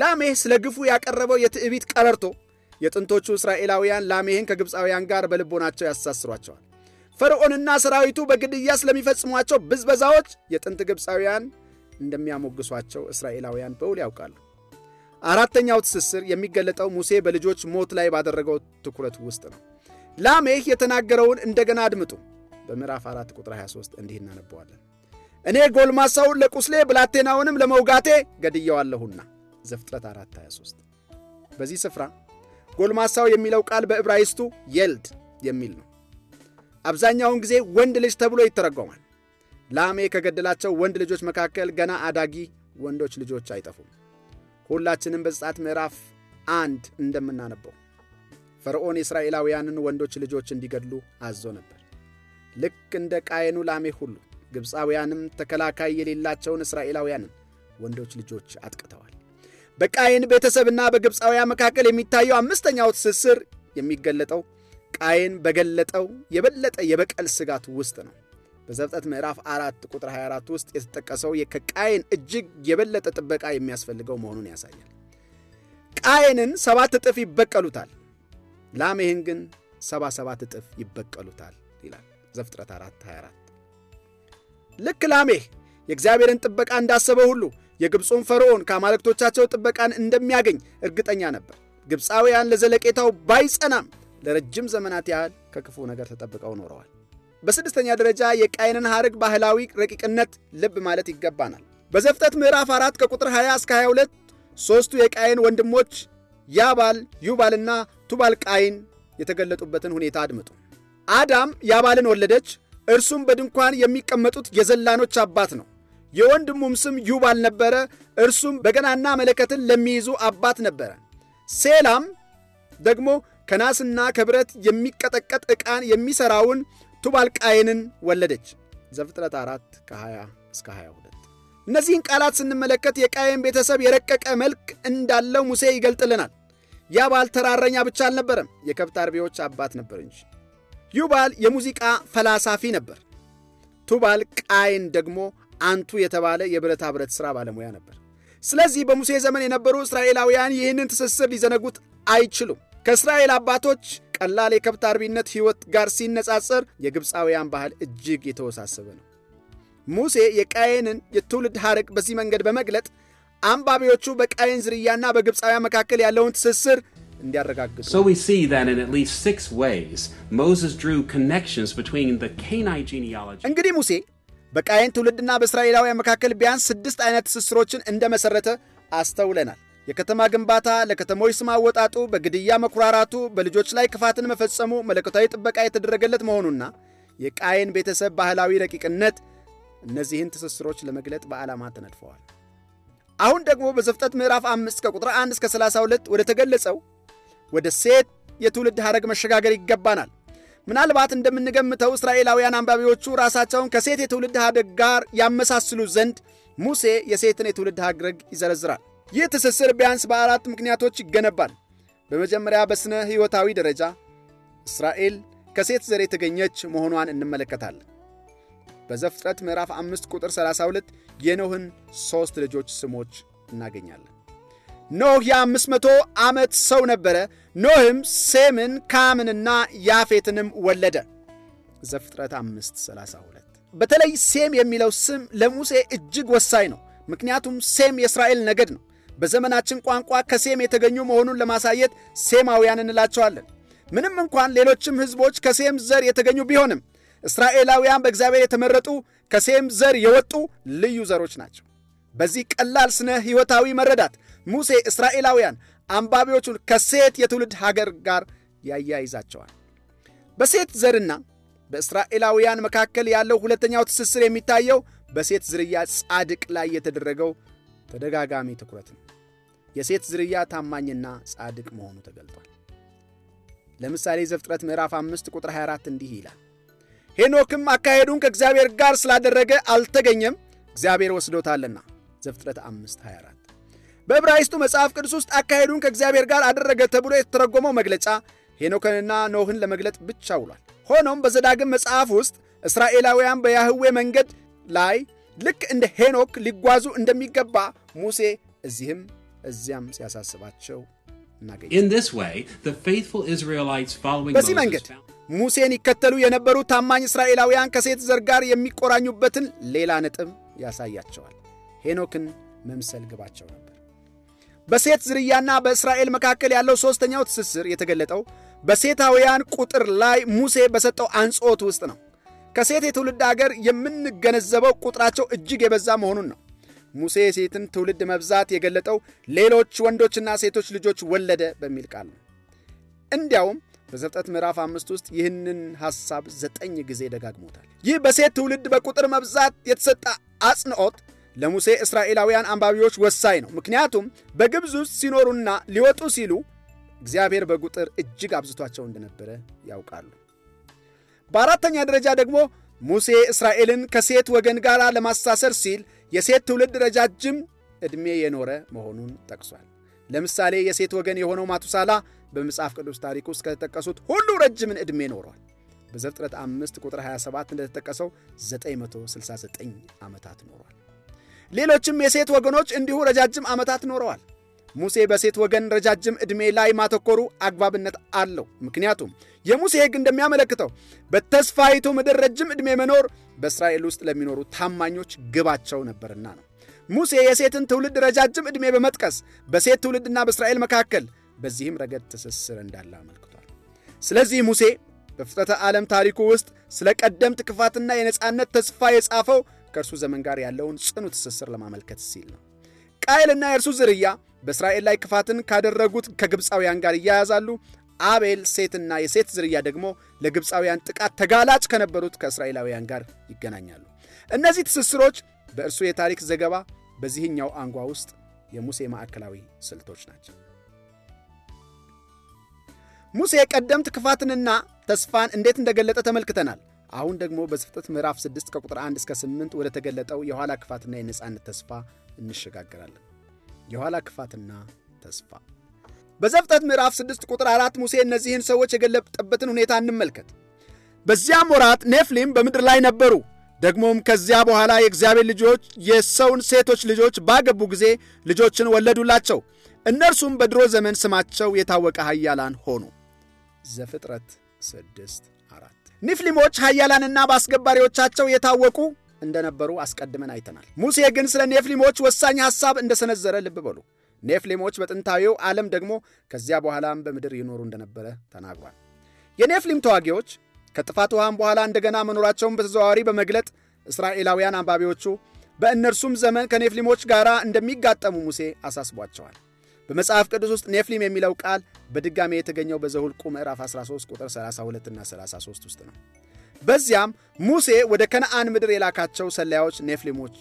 ላሜህ ስለ ግፉ ያቀረበው የትዕቢት ቀረርቶ የጥንቶቹ እስራኤላውያን ላሜህን ከግብፃውያን ጋር በልቦናቸው ያሳስሯቸዋል። ፈርዖንና ሰራዊቱ በግድያ ስለሚፈጽሟቸው ብዝበዛዎች የጥንት ግብፃውያን እንደሚያሞግሷቸው እስራኤላውያን በውል ያውቃሉ። አራተኛው ትስስር የሚገለጠው ሙሴ በልጆች ሞት ላይ ባደረገው ትኩረት ውስጥ ነው። ላሜህ የተናገረውን እንደገና አድምጡ። በምዕራፍ 4 ቁጥር 23 እንዲህ እናነበዋለን። እኔ ጎልማሳውን ለቁስሌ ብላቴናውንም ለመውጋቴ ገድየዋለሁና። ዘፍጥረት 4 23 በዚህ ስፍራ ጎልማሳው የሚለው ቃል በዕብራይስቱ የልድ የሚል ነው። አብዛኛውን ጊዜ ወንድ ልጅ ተብሎ ይተረጎማል። ላሜ ከገደላቸው ወንድ ልጆች መካከል ገና አዳጊ ወንዶች ልጆች አይጠፉም። ሁላችንም በዘጸአት ምዕራፍ አንድ እንደምናነበው ፈርዖን የእስራኤላውያንን ወንዶች ልጆች እንዲገድሉ አዞ ነበር። ልክ እንደ ቃየኑ ላሜ ሁሉ ግብፃውያንም ተከላካይ የሌላቸውን እስራኤላውያንን ወንዶች ልጆች አጥቅተዋል። በቃየን ቤተሰብና በግብፃውያን መካከል የሚታየው አምስተኛው ትስስር የሚገለጠው ቃየን በገለጠው የበለጠ የበቀል ስጋት ውስጥ ነው። በዘፍጥረት ምዕራፍ 4 ቁጥር 24 ውስጥ የተጠቀሰው ከቃየን እጅግ የበለጠ ጥበቃ የሚያስፈልገው መሆኑን ያሳያል። ቃየንን ሰባት እጥፍ ይበቀሉታል። ላሜህን ግን ግን 77 እጥፍ ይበቀሉታል ይላል ዘፍጥረት 4 24። ልክ ላሜህ የእግዚአብሔርን ጥበቃ እንዳሰበ ሁሉ የግብፁን ፈርዖን ከአማልክቶቻቸው ጥበቃን እንደሚያገኝ እርግጠኛ ነበር። ግብፃውያን ለዘለቄታው ባይጸናም ለረጅም ዘመናት ያህል ከክፉ ነገር ተጠብቀው ኖረዋል። በስድስተኛ ደረጃ የቃይንን ሐረግ ባህላዊ ረቂቅነት ልብ ማለት ይገባናል። በዘፍጠት ምዕራፍ 4 ከቁጥር 20 እስከ 22 ሦስቱ የቃይን ወንድሞች ያባል፣ ዩባልና ቱባል ቃይን የተገለጡበትን ሁኔታ አድምጡ። አዳም ያባልን ወለደች፣ እርሱም በድንኳን የሚቀመጡት የዘላኖች አባት ነው። የወንድሙም ስም ዩባል ነበረ፣ እርሱም በገናና መለከትን ለሚይዙ አባት ነበረ። ሴላም ደግሞ ከናስና ከብረት የሚቀጠቀጥ ዕቃን የሚሠራውን ቱባልቃይንን ወለደች። ዘፍጥረት 4 ከ20 እስከ 22። እነዚህን ቃላት ስንመለከት የቃየን ቤተሰብ የረቀቀ መልክ እንዳለው ሙሴ ይገልጥልናል። ያ ባል ተራረኛ ብቻ አልነበረም፣ የከብት አርቢዎች አባት ነበር እንጂ። ዩባል የሙዚቃ ፈላሳፊ ነበር። ቱባል ቃይን ደግሞ አንቱ የተባለ የብረታ ብረት ሥራ ባለሙያ ነበር። ስለዚህ በሙሴ ዘመን የነበሩ እስራኤላውያን ይህንን ትስስር ሊዘነጉት አይችሉም። ከእስራኤል አባቶች ቀላል የከብት አርቢነት ሕይወት ጋር ሲነጻጸር የግብፃውያን ባህል እጅግ የተወሳሰበ ነው። ሙሴ የቃየንን የትውልድ ሐረግ በዚህ መንገድ በመግለጥ አንባቢዎቹ በቃይን ዝርያና በግብፃውያን መካከል ያለውን ትስስር እንዲያረጋግጡ So we see that in at least six ways Moses drew connections between the Canaanite genealogy እንግዲህ ሙሴ በቃየን ትውልድና በእስራኤላውያን መካከል ቢያንስ ስድስት አይነት ትስስሮችን እንደመሰረተ አስተውለናል። የከተማ ግንባታ፣ ለከተሞች ስም አወጣጡ፣ በግድያ መኩራራቱ፣ በልጆች ላይ ክፋትን መፈጸሙ፣ መለኮታዊ ጥበቃ የተደረገለት መሆኑና የቃየን ቤተሰብ ባህላዊ ረቂቅነት እነዚህን ትስስሮች ለመግለጥ በዓላማ ተነድፈዋል። አሁን ደግሞ በዘፍጠት ምዕራፍ 5 ከቁጥር 1 እስከ 32 ወደ ተገለጸው ወደ ሴት የትውልድ ሐረግ መሸጋገር ይገባናል። ምናልባት እንደምንገምተው እስራኤላውያን አንባቢዎቹ ራሳቸውን ከሴት የትውልድ ሐረግ ጋር ያመሳስሉ ዘንድ ሙሴ የሴትን የትውልድ ሐረግ ይዘረዝራል። ይህ ትስስር ቢያንስ በአራት ምክንያቶች ይገነባል። በመጀመሪያ በሥነ ሕይወታዊ ደረጃ እስራኤል ከሴት ዘር የተገኘች መሆኗን እንመለከታለን። በዘፍጥረት ምዕራፍ 5 ቁጥር 32 የኖህን ሦስት ልጆች ስሞች እናገኛለን። ኖህ የ500 ዓመት ሰው ነበረ። ኖህም ሴምን ካምንና ያፌትንም ወለደ። ዘፍጥረት 5 32 በተለይ ሴም የሚለው ስም ለሙሴ እጅግ ወሳኝ ነው። ምክንያቱም ሴም የእስራኤል ነገድ ነው። በዘመናችን ቋንቋ ከሴም የተገኙ መሆኑን ለማሳየት ሴማውያን እንላቸዋለን። ምንም እንኳን ሌሎችም ሕዝቦች ከሴም ዘር የተገኙ ቢሆንም እስራኤላውያን በእግዚአብሔር የተመረጡ ከሴም ዘር የወጡ ልዩ ዘሮች ናቸው። በዚህ ቀላል ስነ ሕይወታዊ መረዳት ሙሴ እስራኤላውያን አንባቢዎቹን ከሴት የትውልድ ሀገር ጋር ያያይዛቸዋል። በሴት ዘርና በእስራኤላውያን መካከል ያለው ሁለተኛው ትስስር የሚታየው በሴት ዝርያ ጻድቅ ላይ የተደረገው ተደጋጋሚ ትኩረት ነው። የሴት ዝርያ ታማኝና ጻድቅ መሆኑ ተገልጧል። ለምሳሌ ዘፍጥረት ምዕራፍ 5 ቁጥር 24 እንዲህ ይላል ሄኖክም አካሄዱን ከእግዚአብሔር ጋር ስላደረገ አልተገኘም፣ እግዚአብሔር ወስዶታልና። ዘፍጥረት 524 በዕብራይስጡ መጽሐፍ ቅዱስ ውስጥ አካሄዱን ከእግዚአብሔር ጋር አደረገ ተብሎ የተተረጎመው መግለጫ ሄኖክንና ኖህን ለመግለጥ ብቻ ውሏል። ሆኖም በዘዳግም መጽሐፍ ውስጥ እስራኤላውያን በያህዌ መንገድ ላይ ልክ እንደ ሄኖክ ሊጓዙ እንደሚገባ ሙሴ እዚህም እዚያም ሲያሳስባቸው እናገኛለን። በዚህ መንገድ ሙሴን ይከተሉ የነበሩ ታማኝ እስራኤላውያን ከሴት ዘር ጋር የሚቆራኙበትን ሌላ ነጥብ ያሳያቸዋል። ሄኖክን መምሰል ግባቸው ነበር። በሴት ዝርያና በእስራኤል መካከል ያለው ሦስተኛው ትስስር የተገለጠው በሴታውያን ቁጥር ላይ ሙሴ በሰጠው አንጾት ውስጥ ነው። ከሴት የትውልድ አገር የምንገነዘበው ቁጥራቸው እጅግ የበዛ መሆኑን ነው። ሙሴ የሴትን ትውልድ መብዛት የገለጠው ሌሎች ወንዶችና ሴቶች ልጆች ወለደ በሚል ቃል ነው። እንዲያውም በዘፍጥረት ምዕራፍ አምስት ውስጥ ይህንን ሐሳብ ዘጠኝ ጊዜ ደጋግሞታል። ይህ በሴት ትውልድ በቁጥር መብዛት የተሰጠ አጽንኦት ለሙሴ እስራኤላውያን አንባቢዎች ወሳኝ ነው። ምክንያቱም በግብዝ ውስጥ ሲኖሩና ሊወጡ ሲሉ እግዚአብሔር በቁጥር እጅግ አብዝቷቸው እንደነበረ ያውቃሉ። በአራተኛ ደረጃ ደግሞ ሙሴ እስራኤልን ከሴት ወገን ጋር ለማሳሰር ሲል የሴት ትውልድ ረጃጅም ዕድሜ የኖረ መሆኑን ጠቅሷል። ለምሳሌ የሴት ወገን የሆነው ማቱሳላ በመጽሐፍ ቅዱስ ታሪክ ውስጥ ከተጠቀሱት ሁሉ ረጅምን ዕድሜ ኖሯል። በዘፍጥረት 5 ቁጥር 27 እንደተጠቀሰው 969 ዓመታት ኖሯል። ሌሎችም የሴት ወገኖች እንዲሁ ረጃጅም ዓመታት ኖረዋል። ሙሴ በሴት ወገን ረጃጅም ዕድሜ ላይ ማተኮሩ አግባብነት አለው። ምክንያቱም የሙሴ ሕግ እንደሚያመለክተው በተስፋይቱ ምድር ረጅም ዕድሜ መኖር በእስራኤል ውስጥ ለሚኖሩ ታማኞች ግባቸው ነበርና ነው። ሙሴ የሴትን ትውልድ ረጃጅም ዕድሜ በመጥቀስ በሴት ትውልድና በእስራኤል መካከል በዚህም ረገድ ትስስር እንዳለ አመልክቷል። ስለዚህ ሙሴ በፍጥረተ ዓለም ታሪኩ ውስጥ ስለ ቀደምት ክፋትና የነፃነት ተስፋ የጻፈው ከእርሱ ዘመን ጋር ያለውን ጽኑ ትስስር ለማመልከት ሲል ነው። ቃየልና የእርሱ ዝርያ በእስራኤል ላይ ክፋትን ካደረጉት ከግብፃውያን ጋር እያያዛሉ። አቤል ሴትና የሴት ዝርያ ደግሞ ለግብፃውያን ጥቃት ተጋላጭ ከነበሩት ከእስራኤላውያን ጋር ይገናኛሉ። እነዚህ ትስስሮች በእርሱ የታሪክ ዘገባ በዚህኛው አንጓ ውስጥ የሙሴ ማዕከላዊ ስልቶች ናቸው። ሙሴ ቀደምት ክፋትንና ተስፋን እንዴት እንደገለጠ ተመልክተናል። አሁን ደግሞ በዘፍጥረት ምዕራፍ 6 ከቁጥር 1 እስከ 8 ወደ ተገለጠው የኋላ ክፋትና የነፃነት ተስፋ እንሸጋገራለን። የኋላ ክፋትና ተስፋ በዘፍጥረት ምዕራፍ 6 ቁጥር 4 ሙሴ እነዚህን ሰዎች የገለጠበትን ሁኔታ እንመልከት። በዚያም ወራት ኔፍሊም በምድር ላይ ነበሩ። ደግሞም ከዚያ በኋላ የእግዚአብሔር ልጆች የሰውን ሴቶች ልጆች ባገቡ ጊዜ ልጆችን ወለዱላቸው። እነርሱም በድሮ ዘመን ስማቸው የታወቀ ኃያላን ሆኑ። ዘፍጥረት ስድስት አራት ኒፍሊሞች ኃያላንና በአስገባሪዎቻቸው የታወቁ እንደነበሩ አስቀድመን አይተናል። ሙሴ ግን ስለ ኔፍሊሞች ወሳኝ ሐሳብ እንደሰነዘረ ልብ በሉ። ኔፍሊሞች በጥንታዊው ዓለም ደግሞ ከዚያ በኋላም በምድር ይኖሩ እንደነበረ ተናግሯል። የኔፍሊም ተዋጊዎች ከጥፋት ውሃም በኋላ እንደገና መኖራቸውን በተዘዋዋሪ በመግለጥ እስራኤላውያን አንባቢዎቹ በእነርሱም ዘመን ከኔፍሊሞች ጋር እንደሚጋጠሙ ሙሴ አሳስቧቸዋል። በመጽሐፍ ቅዱስ ውስጥ ኔፍሊም የሚለው ቃል በድጋሜ የተገኘው በዘሁልቁ ምዕራፍ 13 ቁጥር 32 እና 33 ውስጥ ነው። በዚያም ሙሴ ወደ ከነአን ምድር የላካቸው ሰላዮች ኔፍሊሞች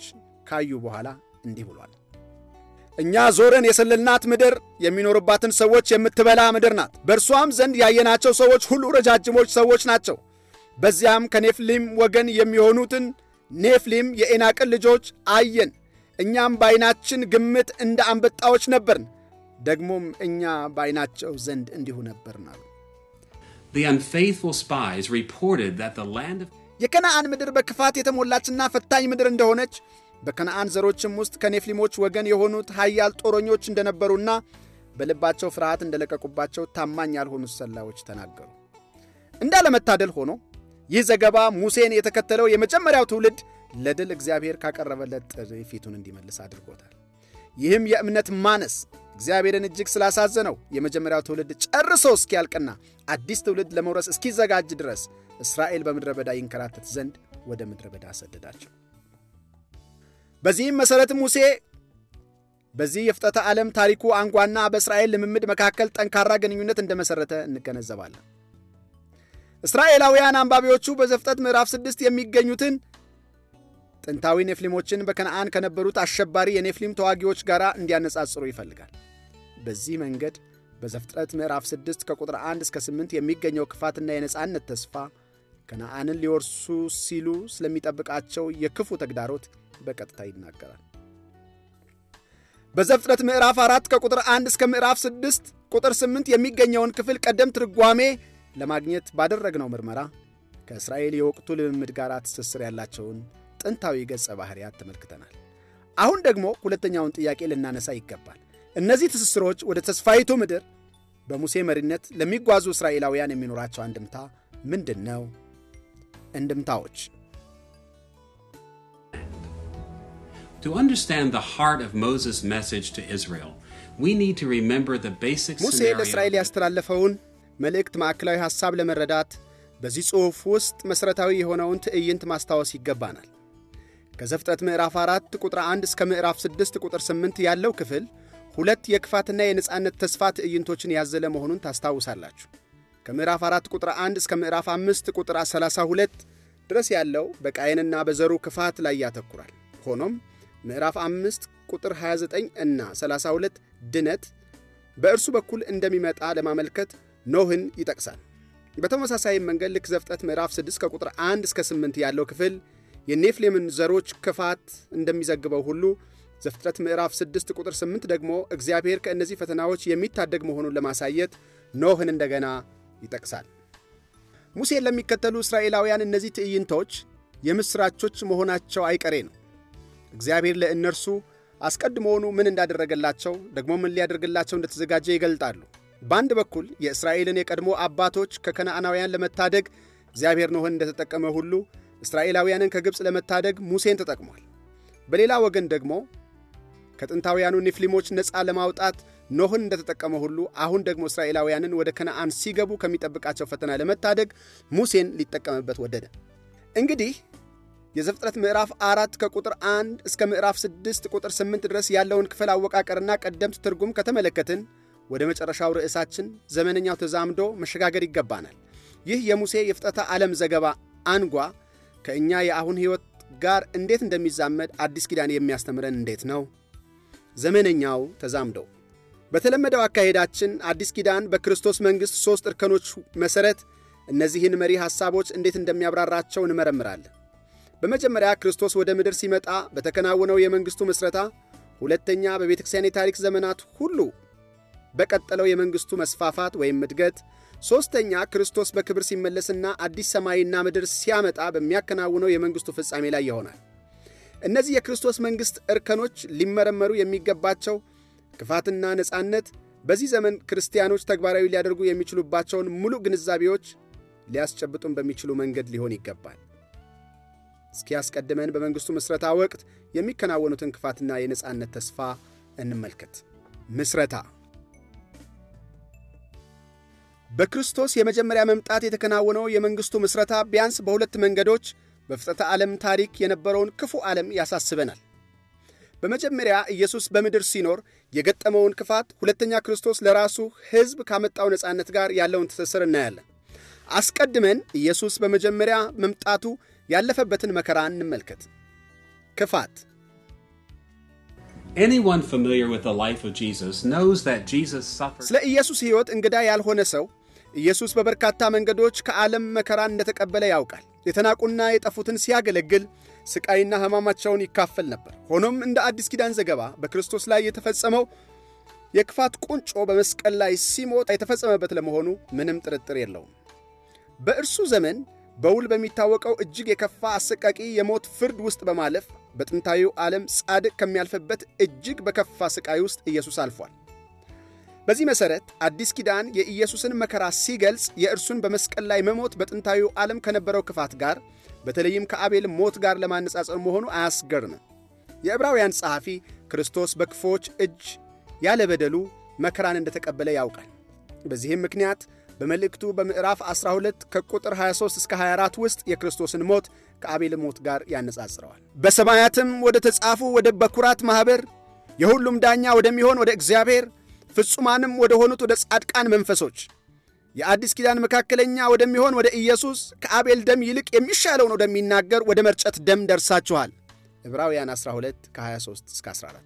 ካዩ በኋላ እንዲህ ብሏል። እኛ ዞረን የሰለልናት ምድር የሚኖርባትን ሰዎች የምትበላ ምድር ናት። በእርሷም ዘንድ ያየናቸው ሰዎች ሁሉ ረጃጅሞች ሰዎች ናቸው። በዚያም ከኔፍሊም ወገን የሚሆኑትን ኔፍሊም የኤናቅን ልጆች አየን። እኛም በዓይናችን ግምት እንደ አንበጣዎች ነበርን ደግሞም እኛ በዓይናቸው ዘንድ እንዲሁ ነበርና የከነአን ምድር በክፋት የተሞላችና ፈታኝ ምድር እንደሆነች በከነአን ዘሮችም ውስጥ ከኔፍሊሞች ወገን የሆኑት ኃያል ጦረኞች እንደነበሩና በልባቸው ፍርሃት እንደለቀቁባቸው ታማኝ ያልሆኑት ሰላዮች ተናገሩ። እንዳለመታደል ሆኖ ይህ ዘገባ ሙሴን የተከተለው የመጀመሪያው ትውልድ ለድል እግዚአብሔር ካቀረበለት ጥሪ ፊቱን እንዲመልስ አድርጎታል። ይህም የእምነት ማነስ እግዚአብሔርን እጅግ ስላሳዘነው የመጀመሪያው ትውልድ ጨርሶ እስኪያልቅና አዲስ ትውልድ ለመውረስ እስኪዘጋጅ ድረስ እስራኤል በምድረ በዳ ይንከራተት ዘንድ ወደ ምድረ በዳ አሰደዳቸው። በዚህም መሠረት ሙሴ በዚህ የፍጠተ ዓለም ታሪኩ አንጓና በእስራኤል ልምምድ መካከል ጠንካራ ግንኙነት እንደመሠረተ እንገነዘባለን። እስራኤላውያን አንባቢዎቹ በዘፍጠት ምዕራፍ ስድስት የሚገኙትን ጥንታዊ ኔፍሊሞችን በከነአን ከነበሩት አሸባሪ የኔፍሊም ተዋጊዎች ጋር እንዲያነጻጽሩ ይፈልጋል። በዚህ መንገድ በዘፍጥረት ምዕራፍ 6 ከቁጥር 1 እስከ 8 የሚገኘው ክፋትና የነፃነት ተስፋ ከነአንን ሊወርሱ ሲሉ ስለሚጠብቃቸው የክፉ ተግዳሮት በቀጥታ ይናገራል። በዘፍጥረት ምዕራፍ 4 ከቁጥር 1 እስከ ምዕራፍ 6 ቁጥር 8 የሚገኘውን ክፍል ቀደም ትርጓሜ ለማግኘት ባደረግነው ምርመራ ከእስራኤል የወቅቱ ልምምድ ጋር ትስስር ያላቸውን ጥንታዊ ገጸ ባህርያት ተመልክተናል። አሁን ደግሞ ሁለተኛውን ጥያቄ ልናነሳ ይገባል። እነዚህ ትስስሮች ወደ ተስፋይቱ ምድር በሙሴ መሪነት ለሚጓዙ እስራኤላውያን የሚኖራቸው አንድምታ ምንድን ነው? እንድምታዎች ሙሴ ለእስራኤል ያስተላለፈውን መልእክት ማዕከላዊ ሐሳብ ለመረዳት በዚህ ጽሑፍ ውስጥ መሠረታዊ የሆነውን ትዕይንት ማስታወስ ይገባናል። ከዘፍጥረት ምዕራፍ 4 ቁጥር 1 እስከ ምዕራፍ 6 ቁጥር 8 ያለው ክፍል ሁለት የክፋትና የነጻነት ተስፋ ትዕይንቶችን ያዘለ መሆኑን ታስታውሳላችሁ። ከምዕራፍ 4 ቁጥር 1 እስከ ምዕራፍ 5 ቁጥር 32 ድረስ ያለው በቃየንና በዘሩ ክፋት ላይ ያተኩራል። ሆኖም ምዕራፍ 5 ቁጥር 29 እና 32 ድነት በእርሱ በኩል እንደሚመጣ ለማመልከት ኖህን ይጠቅሳል። በተመሳሳይም መንገድ ልክ ዘፍጥረት ምዕራፍ 6 ከቁጥር 1 እስከ 8 ያለው ክፍል የኔፍሌምን ዘሮች ክፋት እንደሚዘግበው ሁሉ ዘፍጥረት ምዕራፍ 6 ቁጥር 8 ደግሞ እግዚአብሔር ከእነዚህ ፈተናዎች የሚታደግ መሆኑን ለማሳየት ኖህን እንደገና ይጠቅሳል። ሙሴን ለሚከተሉ እስራኤላውያን እነዚህ ትዕይንቶች የምሥራቾች መሆናቸው አይቀሬ ነው። እግዚአብሔር ለእነርሱ አስቀድሞውኑ ምን እንዳደረገላቸው ደግሞ ምን ሊያደርግላቸው እንደተዘጋጀ ይገልጣሉ። በአንድ በኩል የእስራኤልን የቀድሞ አባቶች ከከነዓናውያን ለመታደግ እግዚአብሔር ኖህን እንደተጠቀመ ሁሉ እስራኤላውያንን ከግብፅ ለመታደግ ሙሴን ተጠቅሟል። በሌላ ወገን ደግሞ ከጥንታውያኑ ኒፍሊሞች ነፃ ለማውጣት ኖህን እንደተጠቀመ ሁሉ አሁን ደግሞ እስራኤላውያንን ወደ ከነአን ሲገቡ ከሚጠብቃቸው ፈተና ለመታደግ ሙሴን ሊጠቀምበት ወደደ። እንግዲህ የዘፍጥረት ምዕራፍ አራት ከቁጥር አንድ እስከ ምዕራፍ ስድስት ቁጥር ስምንት ድረስ ያለውን ክፍል አወቃቀርና ቀደምት ትርጉም ከተመለከትን ወደ መጨረሻው ርዕሳችን ዘመነኛው ተዛምዶ መሸጋገር ይገባናል። ይህ የሙሴ የፍጥረተ ዓለም ዘገባ አንጓ ከእኛ የአሁን ሕይወት ጋር እንዴት እንደሚዛመድ አዲስ ኪዳን የሚያስተምረን እንዴት ነው? ዘመነኛው ተዛምዶ በተለመደው አካሄዳችን አዲስ ኪዳን በክርስቶስ መንግሥት ሦስት እርከኖች መሠረት እነዚህን መሪ ሐሳቦች እንዴት እንደሚያብራራቸው እንመረምራለን። በመጀመሪያ ክርስቶስ ወደ ምድር ሲመጣ በተከናወነው የመንግሥቱ ምስረታ፣ ሁለተኛ በቤተ ክርስቲያን የታሪክ ዘመናት ሁሉ በቀጠለው የመንግሥቱ መስፋፋት ወይም እድገት፣ ሶስተኛ ክርስቶስ በክብር ሲመለስና አዲስ ሰማይና ምድር ሲያመጣ በሚያከናውነው የመንግሥቱ ፍጻሜ ላይ ይሆናል። እነዚህ የክርስቶስ መንግሥት እርከኖች ሊመረመሩ የሚገባቸው ክፋትና ነፃነት በዚህ ዘመን ክርስቲያኖች ተግባራዊ ሊያደርጉ የሚችሉባቸውን ሙሉ ግንዛቤዎች ሊያስጨብጡን በሚችሉ መንገድ ሊሆን ይገባል። እስኪያስቀድመን በመንግሥቱ ምስረታ ወቅት የሚከናወኑትን ክፋትና የነፃነት ተስፋ እንመልከት። ምስረታ በክርስቶስ የመጀመሪያ መምጣት የተከናወነው የመንግሥቱ ምስረታ ቢያንስ በሁለት መንገዶች በፍጥረተ ዓለም ታሪክ የነበረውን ክፉ ዓለም ያሳስበናል። በመጀመሪያ ኢየሱስ በምድር ሲኖር የገጠመውን ክፋት፣ ሁለተኛ ክርስቶስ ለራሱ ሕዝብ ካመጣው ነፃነት ጋር ያለውን ትስስር እናያለን። አስቀድመን ኢየሱስ በመጀመሪያ መምጣቱ ያለፈበትን መከራ እንመልከት። ክፋት ስለ ኢየሱስ ሕይወት እንግዳ ያልሆነ ሰው ኢየሱስ በበርካታ መንገዶች ከዓለም መከራ እንደተቀበለ ያውቃል። የተናቁና የጠፉትን ሲያገለግል ሥቃይና ሕማማቸውን ይካፈል ነበር። ሆኖም እንደ አዲስ ኪዳን ዘገባ በክርስቶስ ላይ የተፈጸመው የክፋት ቁንጮ በመስቀል ላይ ሲሞት የተፈጸመበት ለመሆኑ ምንም ጥርጥር የለውም። በእርሱ ዘመን በውል በሚታወቀው እጅግ የከፋ አሰቃቂ የሞት ፍርድ ውስጥ በማለፍ በጥንታዊው ዓለም ጻድቅ ከሚያልፍበት እጅግ በከፋ ሥቃይ ውስጥ ኢየሱስ አልፏል። በዚህ መሰረት አዲስ ኪዳን የኢየሱስን መከራ ሲገልጽ የእርሱን በመስቀል ላይ መሞት በጥንታዊው ዓለም ከነበረው ክፋት ጋር በተለይም ከአቤል ሞት ጋር ለማነጻጸር መሆኑ አያስገርምም። የዕብራውያን ጸሐፊ ክርስቶስ በክፎች እጅ ያለ በደሉ መከራን እንደተቀበለ ያውቃል። በዚህም ምክንያት በመልእክቱ በምዕራፍ 12 ከቁጥር 23 እስከ 24 ውስጥ የክርስቶስን ሞት ከአቤል ሞት ጋር ያነጻጽረዋል። በሰማያትም ወደ ተጻፉ ወደ በኩራት ማኅበር የሁሉም ዳኛ ወደሚሆን ወደ እግዚአብሔር ፍጹማንም ወደ ሆኑት ወደ ጻድቃን መንፈሶች የአዲስ ኪዳን መካከለኛ ወደሚሆን ወደ ኢየሱስ ከአቤል ደም ይልቅ የሚሻለውን ወደሚናገር ወደ መርጨት ደም ደርሳችኋል። ዕብራውያን 12 ከ23 እስከ 14።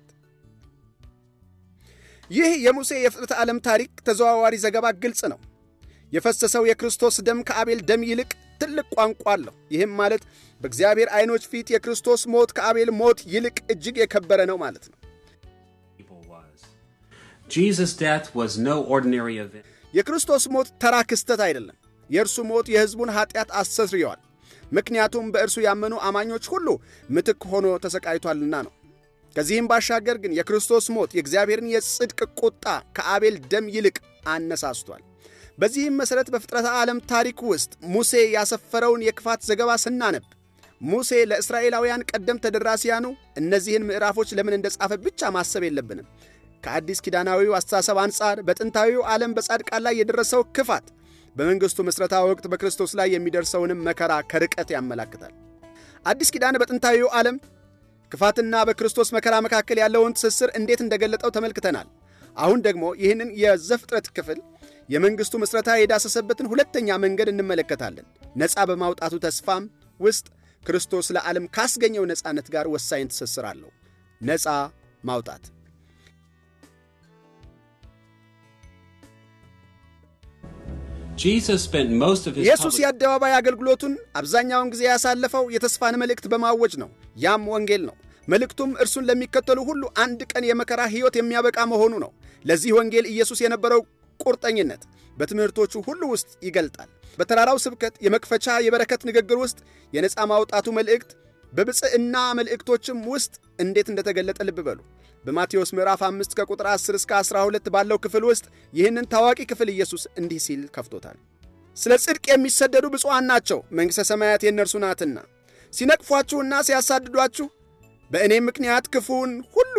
ይህ የሙሴ የፍጥረት ዓለም ታሪክ ተዘዋዋሪ ዘገባ ግልጽ ነው። የፈሰሰው የክርስቶስ ደም ከአቤል ደም ይልቅ ትልቅ ቋንቋ አለው። ይህም ማለት በእግዚአብሔር ዐይኖች ፊት የክርስቶስ ሞት ከአቤል ሞት ይልቅ እጅግ የከበረ ነው ማለት ነው። የክርስቶስ ሞት ተራ ክስተት አይደለም። የእርሱ ሞት የሕዝቡን ኀጢአት አሰስርየዋል። ምክንያቱም በእርሱ ያመኑ አማኞች ሁሉ ምትክ ሆኖ ተሰቃይቷልና ነው። ከዚህም ባሻገር ግን የክርስቶስ ሞት የእግዚአብሔርን የጽድቅ ቁጣ ከአቤል ደም ይልቅ አነሳስቷል። በዚህም መሠረት በፍጥረተ ዓለም ታሪክ ውስጥ ሙሴ ያሰፈረውን የክፋት ዘገባ ስናነብ ሙሴ ለእስራኤላውያን ቀደም ተደራሲያኑ እነዚህን ምዕራፎች ለምን ጻፈ ብቻ ማሰብ የለብንም። ከአዲስ ኪዳናዊው አስተሳሰብ አንጻር በጥንታዊው ዓለም በጻድቃን ላይ የደረሰው ክፋት በመንግሥቱ ምስረታ ወቅት በክርስቶስ ላይ የሚደርሰውንም መከራ ከርቀት ያመላክታል። አዲስ ኪዳን በጥንታዊው ዓለም ክፋትና በክርስቶስ መከራ መካከል ያለውን ትስስር እንዴት እንደገለጠው ተመልክተናል። አሁን ደግሞ ይህንን የዘፍጥረት ክፍል የመንግሥቱ ምስረታ የዳሰሰበትን ሁለተኛ መንገድ እንመለከታለን። ነፃ በማውጣቱ ተስፋም ውስጥ ክርስቶስ ለዓለም ካስገኘው ነፃነት ጋር ወሳኝ ትስስር አለው። ነፃ ማውጣት ኢየሱስ የአደባባይ አገልግሎቱን አብዛኛውን ጊዜ ያሳለፈው የተስፋን መልእክት በማወጅ ነው። ያም ወንጌል ነው። መልእክቱም እርሱን ለሚከተሉ ሁሉ አንድ ቀን የመከራ ሕይወት የሚያበቃ መሆኑ ነው። ለዚህ ወንጌል ኢየሱስ የነበረው ቁርጠኝነት በትምህርቶቹ ሁሉ ውስጥ ይገልጣል። በተራራው ስብከት የመክፈቻ የበረከት ንግግር ውስጥ የነፃ ማውጣቱ መልእክት፣ በብፅዕና መልእክቶችም ውስጥ እንዴት እንደተገለጠ ልብ በሉ። በማቴዎስ ምዕራፍ 5 ከቁጥር 10 እስከ 12 ባለው ክፍል ውስጥ ይህንን ታዋቂ ክፍል ኢየሱስ እንዲህ ሲል ከፍቶታል። ስለ ጽድቅ የሚሰደዱ ብፁዓን ናቸው፣ መንግሥተ ሰማያት የእነርሱ ናትና። ሲነቅፏችሁና ሲያሳድዷችሁ በእኔም ምክንያት ክፉውን ሁሉ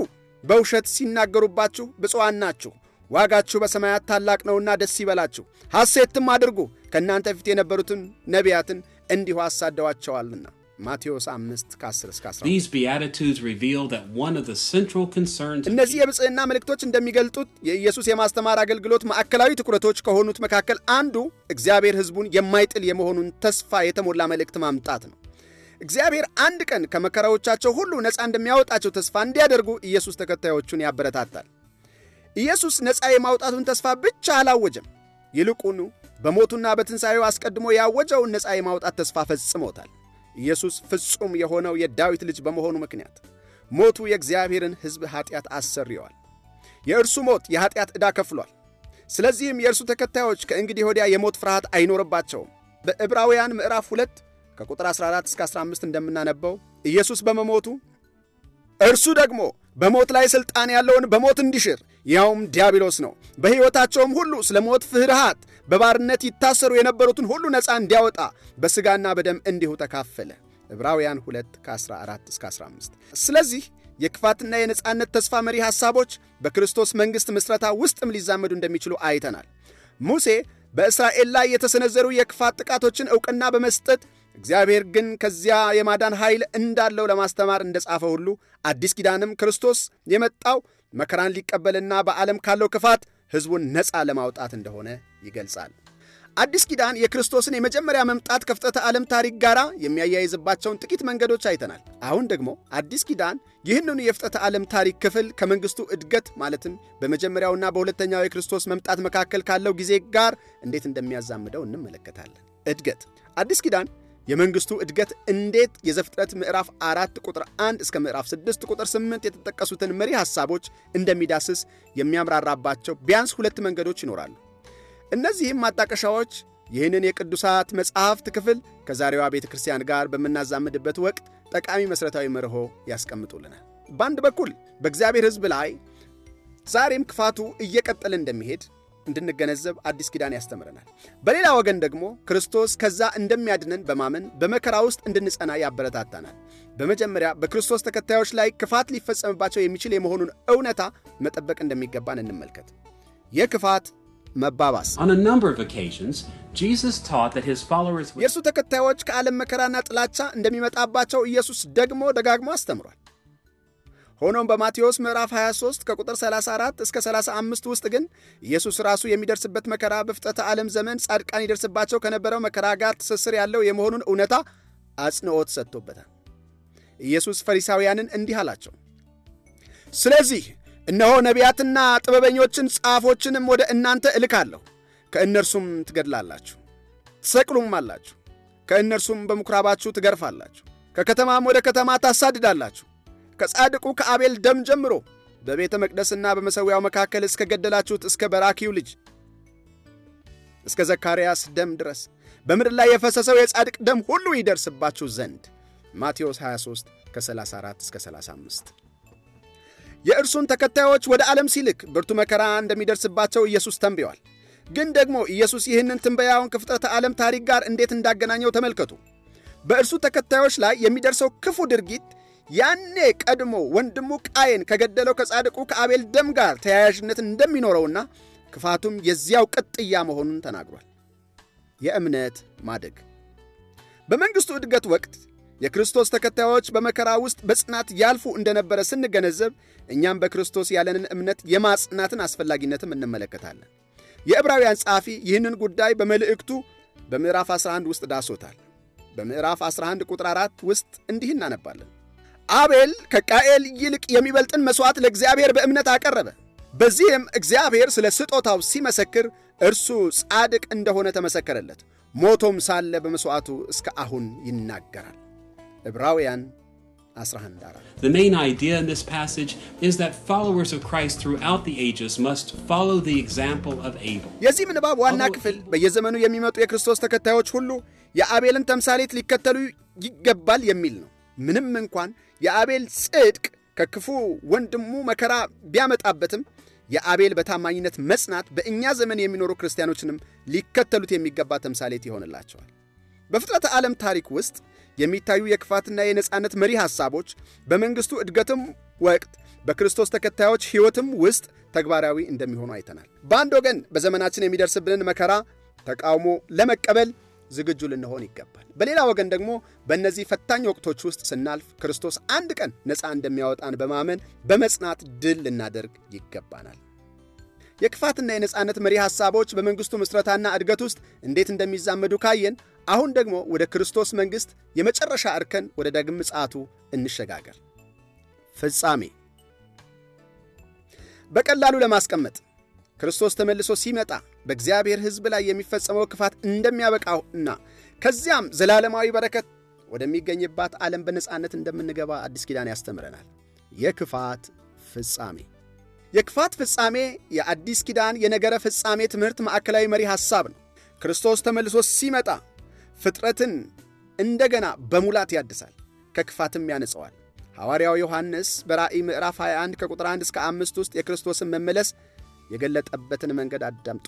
በውሸት ሲናገሩባችሁ ብፁዓን ናችሁ። ዋጋችሁ በሰማያት ታላቅ ነውና ደስ ይበላችሁ፣ ሐሴትም አድርጉ፣ ከእናንተ ፊት የነበሩትን ነቢያትን እንዲሁ አሳደዋቸዋልና። ማቴዎስ 5 ከ10 እስከ 11 እነዚህ የብጽህና ምልክቶች እንደሚገልጡት የኢየሱስ የማስተማር አገልግሎት ማዕከላዊ ትኩረቶች ከሆኑት መካከል አንዱ እግዚአብሔር ሕዝቡን የማይጥል የመሆኑን ተስፋ የተሞላ መልእክት ማምጣት ነው። እግዚአብሔር አንድ ቀን ከመከራዎቻቸው ሁሉ ነፃ እንደሚያወጣቸው ተስፋ እንዲያደርጉ ኢየሱስ ተከታዮቹን ያበረታታል። ኢየሱስ ነፃ የማውጣቱን ተስፋ ብቻ አላወጀም። ይልቁኑ በሞቱና በትንሣኤው አስቀድሞ ያወጀውን ነፃ የማውጣት ተስፋ ፈጽሞታል። ኢየሱስ ፍጹም የሆነው የዳዊት ልጅ በመሆኑ ምክንያት ሞቱ የእግዚአብሔርን ሕዝብ ኀጢአት አሰርየዋል። የእርሱ ሞት የኀጢአት ዕዳ ከፍሏል። ስለዚህም የእርሱ ተከታዮች ከእንግዲህ ወዲያ የሞት ፍርሃት አይኖርባቸውም። በዕብራውያን ምዕራፍ 2 ከቁጥር 14 እስከ 15 እንደምናነበው ኢየሱስ በመሞቱ እርሱ ደግሞ በሞት ላይ ሥልጣን ያለውን በሞት እንዲሽር ያውም ዲያብሎስ ነው። በሕይወታቸውም ሁሉ ስለ ሞት ፍርሃት በባርነት ይታሰሩ የነበሩትን ሁሉ ነፃ እንዲያወጣ በሥጋና በደም እንዲሁ ተካፈለ። ዕብራውያን 2 ከ14 እስከ 15። ስለዚህ የክፋትና የነፃነት ተስፋ መሪ ሐሳቦች በክርስቶስ መንግሥት ምሥረታ ውስጥም ሊዛመዱ እንደሚችሉ አይተናል። ሙሴ በእስራኤል ላይ የተሰነዘሩ የክፋት ጥቃቶችን ዕውቅና በመስጠት እግዚአብሔር ግን ከዚያ የማዳን ኃይል እንዳለው ለማስተማር እንደ ጻፈ ሁሉ አዲስ ኪዳንም ክርስቶስ የመጣው መከራን ሊቀበልና በዓለም ካለው ክፋት ሕዝቡን ነፃ ለማውጣት እንደሆነ ይገልጻል። አዲስ ኪዳን የክርስቶስን የመጀመሪያ መምጣት ከፍጠተ ዓለም ታሪክ ጋር የሚያያይዝባቸውን ጥቂት መንገዶች አይተናል። አሁን ደግሞ አዲስ ኪዳን ይህንኑ የፍጠተ ዓለም ታሪክ ክፍል ከመንግሥቱ እድገት ማለትም በመጀመሪያውና በሁለተኛው የክርስቶስ መምጣት መካከል ካለው ጊዜ ጋር እንዴት እንደሚያዛምደው እንመለከታለን። እድገት አዲስ ኪዳን የመንግስቱ እድገት እንዴት የዘፍጥረት ምዕራፍ 4 ቁጥር 1 እስከ ምዕራፍ 6 ቁጥር 8 የተጠቀሱትን መሪ ሐሳቦች እንደሚዳስስ የሚያምራራባቸው ቢያንስ ሁለት መንገዶች ይኖራሉ። እነዚህም ማጣቀሻዎች ይህንን የቅዱሳት መጽሐፍት ክፍል ከዛሬዋ ቤተ ክርስቲያን ጋር በምናዛምድበት ወቅት ጠቃሚ መሠረታዊ መርሆ ያስቀምጡልናል። በአንድ በኩል በእግዚአብሔር ሕዝብ ላይ ዛሬም ክፋቱ እየቀጠለ እንደሚሄድ እንድንገነዘብ አዲስ ኪዳን ያስተምረናል። በሌላ ወገን ደግሞ ክርስቶስ ከዛ እንደሚያድነን በማመን በመከራ ውስጥ እንድንጸና ያበረታታናል። በመጀመሪያ በክርስቶስ ተከታዮች ላይ ክፋት ሊፈጸምባቸው የሚችል የመሆኑን እውነታ መጠበቅ እንደሚገባን እንመልከት። የክፋት መባባስ የእርሱ ተከታዮች ከዓለም መከራና ጥላቻ እንደሚመጣባቸው ኢየሱስ ደግሞ ደጋግሞ አስተምሯል። ሆኖም በማቴዎስ ምዕራፍ 23 ከቁጥር 34 እስከ 35 ውስጥ ግን ኢየሱስ ራሱ የሚደርስበት መከራ በፍጥረተ ዓለም ዘመን ጻድቃን ይደርስባቸው ከነበረው መከራ ጋር ትስስር ያለው የመሆኑን እውነታ አጽንዖት ሰጥቶበታል። ኢየሱስ ፈሪሳውያንን እንዲህ አላቸው፣ ስለዚህ እነሆ ነቢያትና ጥበበኞችን ጻፎችንም ወደ እናንተ እልካለሁ፣ ከእነርሱም ትገድላላችሁ፣ ትሰቅሉም አላችሁ፣ ከእነርሱም በምኵራባችሁ ትገርፋላችሁ፣ ከከተማም ወደ ከተማ ታሳድዳላችሁ ከጻድቁ ከአቤል ደም ጀምሮ በቤተ መቅደስና በመሠዊያው መካከል እስከ ገደላችሁት እስከ በራኪው ልጅ እስከ ዘካርያስ ደም ድረስ በምድር ላይ የፈሰሰው የጻድቅ ደም ሁሉ ይደርስባችሁ ዘንድ ማቴዎስ 23 ከ34 እስከ 35 የእርሱን ተከታዮች ወደ ዓለም ሲልክ ብርቱ መከራ እንደሚደርስባቸው ኢየሱስ ተንብዋል። ግን ደግሞ ኢየሱስ ይህንን ትንበያውን ከፍጥረተ ዓለም ታሪክ ጋር እንዴት እንዳገናኘው ተመልከቱ። በእርሱ ተከታዮች ላይ የሚደርሰው ክፉ ድርጊት ያኔ ቀድሞ ወንድሙ ቃየን ከገደለው ከጻድቁ ከአቤል ደም ጋር ተያያዥነት እንደሚኖረውና ክፋቱም የዚያው ቅጥያ መሆኑን ተናግሯል። የእምነት ማደግ በመንግሥቱ ዕድገት ወቅት የክርስቶስ ተከታዮች በመከራ ውስጥ በጽናት ያልፉ እንደነበረ ስንገነዘብ እኛም በክርስቶስ ያለንን እምነት የማጽናትን አስፈላጊነትም እንመለከታለን። የዕብራውያን ጸሐፊ ይህንን ጉዳይ በመልእክቱ በምዕራፍ 11 ውስጥ ዳሶታል። በምዕራፍ 11 ቁጥር 4 ውስጥ እንዲህ እናነባለን። አቤል ከቃኤል ይልቅ የሚበልጥን መሥዋዕት ለእግዚአብሔር በእምነት አቀረበ። በዚህም እግዚአብሔር ስለ ስጦታው ሲመሰክር እርሱ ጻድቅ እንደሆነ ተመሰከረለት። ሞቶም ሳለ በመሥዋዕቱ እስከ አሁን ይናገራል። ዕብራውያን 11:4 The main idea in this passage is that followers of Christ throughout the ages must follow the example of Abel. የዚህ ምንባብ ዋና ክፍል በየዘመኑ የሚመጡ የክርስቶስ ተከታዮች ሁሉ የአቤልን ተምሳሌት ሊከተሉ ይገባል የሚል ነው። ምንም እንኳን የአቤል ጽድቅ ከክፉ ወንድሙ መከራ ቢያመጣበትም የአቤል በታማኝነት መጽናት በእኛ ዘመን የሚኖሩ ክርስቲያኖችንም ሊከተሉት የሚገባ ተምሳሌት ይሆንላቸዋል። በፍጥረተ ዓለም ታሪክ ውስጥ የሚታዩ የክፋትና የነፃነት መሪ ሐሳቦች በመንግሥቱ እድገትም ወቅት በክርስቶስ ተከታዮች ሕይወትም ውስጥ ተግባራዊ እንደሚሆኑ አይተናል። በአንድ ወገን በዘመናችን የሚደርስብንን መከራ ተቃውሞ ለመቀበል ዝግጁ ልንሆን ይገባል። በሌላ ወገን ደግሞ በእነዚህ ፈታኝ ወቅቶች ውስጥ ስናልፍ ክርስቶስ አንድ ቀን ነፃ እንደሚያወጣን በማመን በመጽናት ድል ልናደርግ ይገባናል። የክፋትና የነፃነት መሪ ሐሳቦች በመንግሥቱ ምስረታና እድገት ውስጥ እንዴት እንደሚዛመዱ ካየን፣ አሁን ደግሞ ወደ ክርስቶስ መንግሥት የመጨረሻ እርከን ወደ ዳግም ምጽአቱ እንሸጋገር። ፍጻሜ በቀላሉ ለማስቀመጥ ክርስቶስ ተመልሶ ሲመጣ በእግዚአብሔር ሕዝብ ላይ የሚፈጸመው ክፋት እንደሚያበቃው እና ከዚያም ዘላለማዊ በረከት ወደሚገኝባት ዓለም በነፃነት እንደምንገባ አዲስ ኪዳን ያስተምረናል። የክፋት ፍጻሜ የክፋት ፍጻሜ የአዲስ ኪዳን የነገረ ፍጻሜ ትምህርት ማዕከላዊ መሪ ሐሳብ ነው። ክርስቶስ ተመልሶ ሲመጣ ፍጥረትን እንደገና በሙላት ያድሳል፣ ከክፋትም ያነጸዋል። ሐዋርያው ዮሐንስ በራእይ ምዕራፍ 21 ከቁጥር 1 እስከ 5 ውስጥ የክርስቶስን መመለስ የገለጠበትን መንገድ አዳምጡ።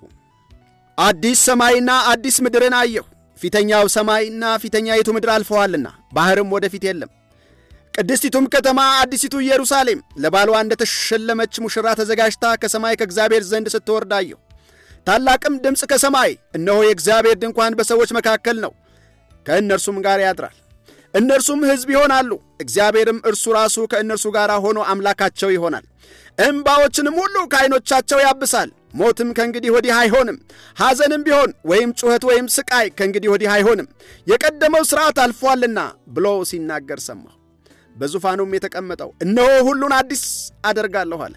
አዲስ ሰማይና አዲስ ምድርን አየሁ፣ ፊተኛው ሰማይና ፊተኛይቱ ምድር አልፈዋልና ባሕርም ወደፊት የለም። ቅድስቲቱም ከተማ አዲሲቱ ኢየሩሳሌም ለባሏ እንደተሸለመች ሙሽራ ተዘጋጅታ ከሰማይ ከእግዚአብሔር ዘንድ ስትወርድ አየሁ። ታላቅም ድምፅ ከሰማይ እነሆ የእግዚአብሔር ድንኳን በሰዎች መካከል ነው፣ ከእነርሱም ጋር ያድራል፣ እነርሱም ሕዝብ ይሆናሉ። እግዚአብሔርም እርሱ ራሱ ከእነርሱ ጋር ሆኖ አምላካቸው ይሆናል፣ እምባዎችንም ሁሉ ከዐይኖቻቸው ያብሳል። ሞትም ከእንግዲህ ወዲህ አይሆንም፣ ሐዘንም ቢሆን ወይም ጩኸት ወይም ሥቃይ ከእንግዲህ ወዲህ አይሆንም፣ የቀደመው ሥርዓት አልፏልና ብሎ ሲናገር ሰማሁ። በዙፋኑም የተቀመጠው እነሆ ሁሉን አዲስ አደርጋለሁ አለ።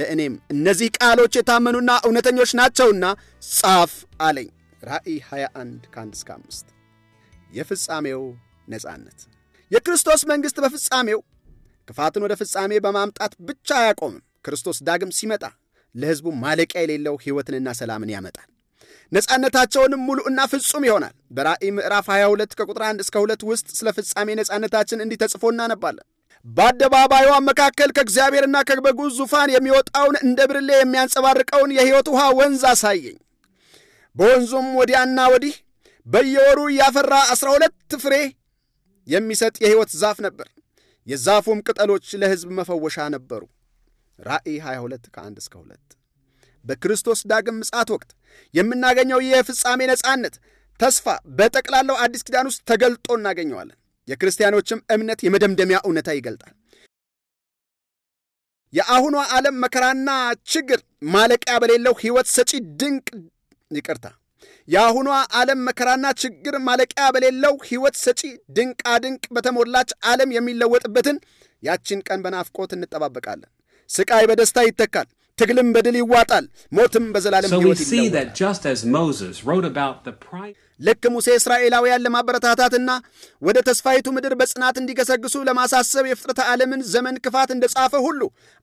ለእኔም እነዚህ ቃሎች የታመኑና እውነተኞች ናቸውና ጻፍ አለኝ። ራእይ 21 ከ1 እስከ 5 የፍጻሜው ነጻነት የክርስቶስ መንግሥት በፍጻሜው ክፋትን ወደ ፍጻሜ በማምጣት ብቻ አያቆምም። ክርስቶስ ዳግም ሲመጣ ለሕዝቡ ማለቂያ የሌለው ሕይወትንና ሰላምን ያመጣል። ነፃነታቸውንም ሙሉእና ፍጹም ይሆናል። በራእይ ምዕራፍ 22 ከቁጥር 1 እስከ 2 ውስጥ ስለ ፍጻሜ ነፃነታችን እንዲህ ተጽፎ እናነባለን። በአደባባዩዋ መካከል ከእግዚአብሔርና ከበጉ ዙፋን የሚወጣውን እንደ ብርሌ የሚያንጸባርቀውን የሕይወት ውሃ ወንዝ አሳየኝ። በወንዙም ወዲያና ወዲህ በየወሩ ያፈራ 12 ፍሬ የሚሰጥ የሕይወት ዛፍ ነበር። የዛፉም ቅጠሎች ለሕዝብ መፈወሻ ነበሩ። ራእይ 22 ከ1 እስከ 2 በክርስቶስ ዳግም ምጽአት ወቅት የምናገኘው ይህ የፍጻሜ ነጻነት ተስፋ በጠቅላላው አዲስ ኪዳን ውስጥ ተገልጦ እናገኘዋለን። የክርስቲያኖችም እምነት የመደምደሚያ እውነታ ይገልጣል። የአሁኗ ዓለም መከራና ችግር ማለቂያ በሌለው ሕይወት ሰጪ ድንቅ ይቅርታ የአሁኗ ዓለም መከራና ችግር ማለቂያ በሌለው ሕይወት ሰጪ ድንቃድንቅ በተሞላች ዓለም የሚለወጥበትን ያቺን ቀን በናፍቆት እንጠባበቃለን። ስቃይ በደስታ ይተካል፣ ትግልም በድል ይዋጣል፣ ሞትም በዘላለም ሕይወት ልክ ሙሴ እስራኤላውያን ለማበረታታትና ወደ ተስፋይቱ ምድር በጽናት እንዲገሰግሱ ለማሳሰብ የፍጥረተ ዓለምን ዘመን ክፋት እንደጻፈ ሁሉ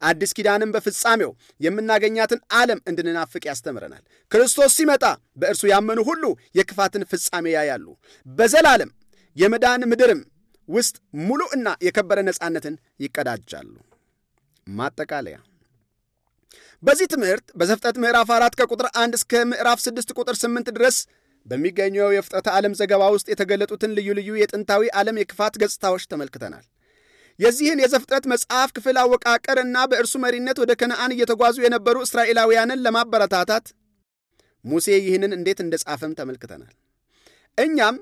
አዲስ ኪዳንም በፍጻሜው የምናገኛትን ዓለም እንድንናፍቅ ያስተምረናል። ክርስቶስ ሲመጣ በእርሱ ያመኑ ሁሉ የክፋትን ፍጻሜ ያያሉ። በዘላለም የመዳን ምድርም ውስጥ ሙሉእና የከበረ ነፃነትን ይቀዳጃሉ። ማጠቃለያ በዚህ ትምህርት በዘፍጠት ምዕራፍ 4 ከቁጥር 1 እስከ ምዕራፍ 6 ቁጥር 8 ድረስ በሚገኘው የፍጥረተ ዓለም ዘገባ ውስጥ የተገለጡትን ልዩ ልዩ የጥንታዊ ዓለም የክፋት ገጽታዎች ተመልክተናል። የዚህን የዘፍጥረት መጽሐፍ ክፍል አወቃቀር እና በእርሱ መሪነት ወደ ከነአን እየተጓዙ የነበሩ እስራኤላውያንን ለማበረታታት ሙሴ ይህንን እንዴት ጻፈም ተመልክተናል። እኛም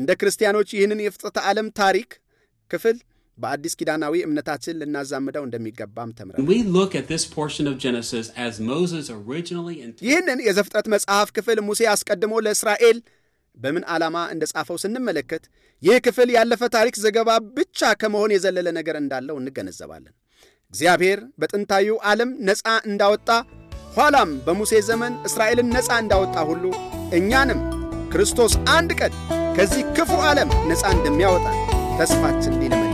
እንደ ክርስቲያኖች ይህንን የፍጥረተ ዓለም ታሪክ ክፍል በአዲስ ኪዳናዊ እምነታችን ልናዛምደው እንደሚገባም ተምረን ይህንን የዘፍጥረት መጽሐፍ ክፍል ሙሴ አስቀድሞ ለእስራኤል በምን ዓላማ እንደ ጻፈው ስንመለከት ይህ ክፍል ያለፈ ታሪክ ዘገባ ብቻ ከመሆን የዘለለ ነገር እንዳለው እንገነዘባለን። እግዚአብሔር በጥንታዊው ዓለም ነፃ እንዳወጣ ኋላም በሙሴ ዘመን እስራኤልን ነፃ እንዳወጣ ሁሉ እኛንም ክርስቶስ አንድ ቀን ከዚህ ክፉ ዓለም ነፃ እንደሚያወጣ ተስፋችን ሊለመ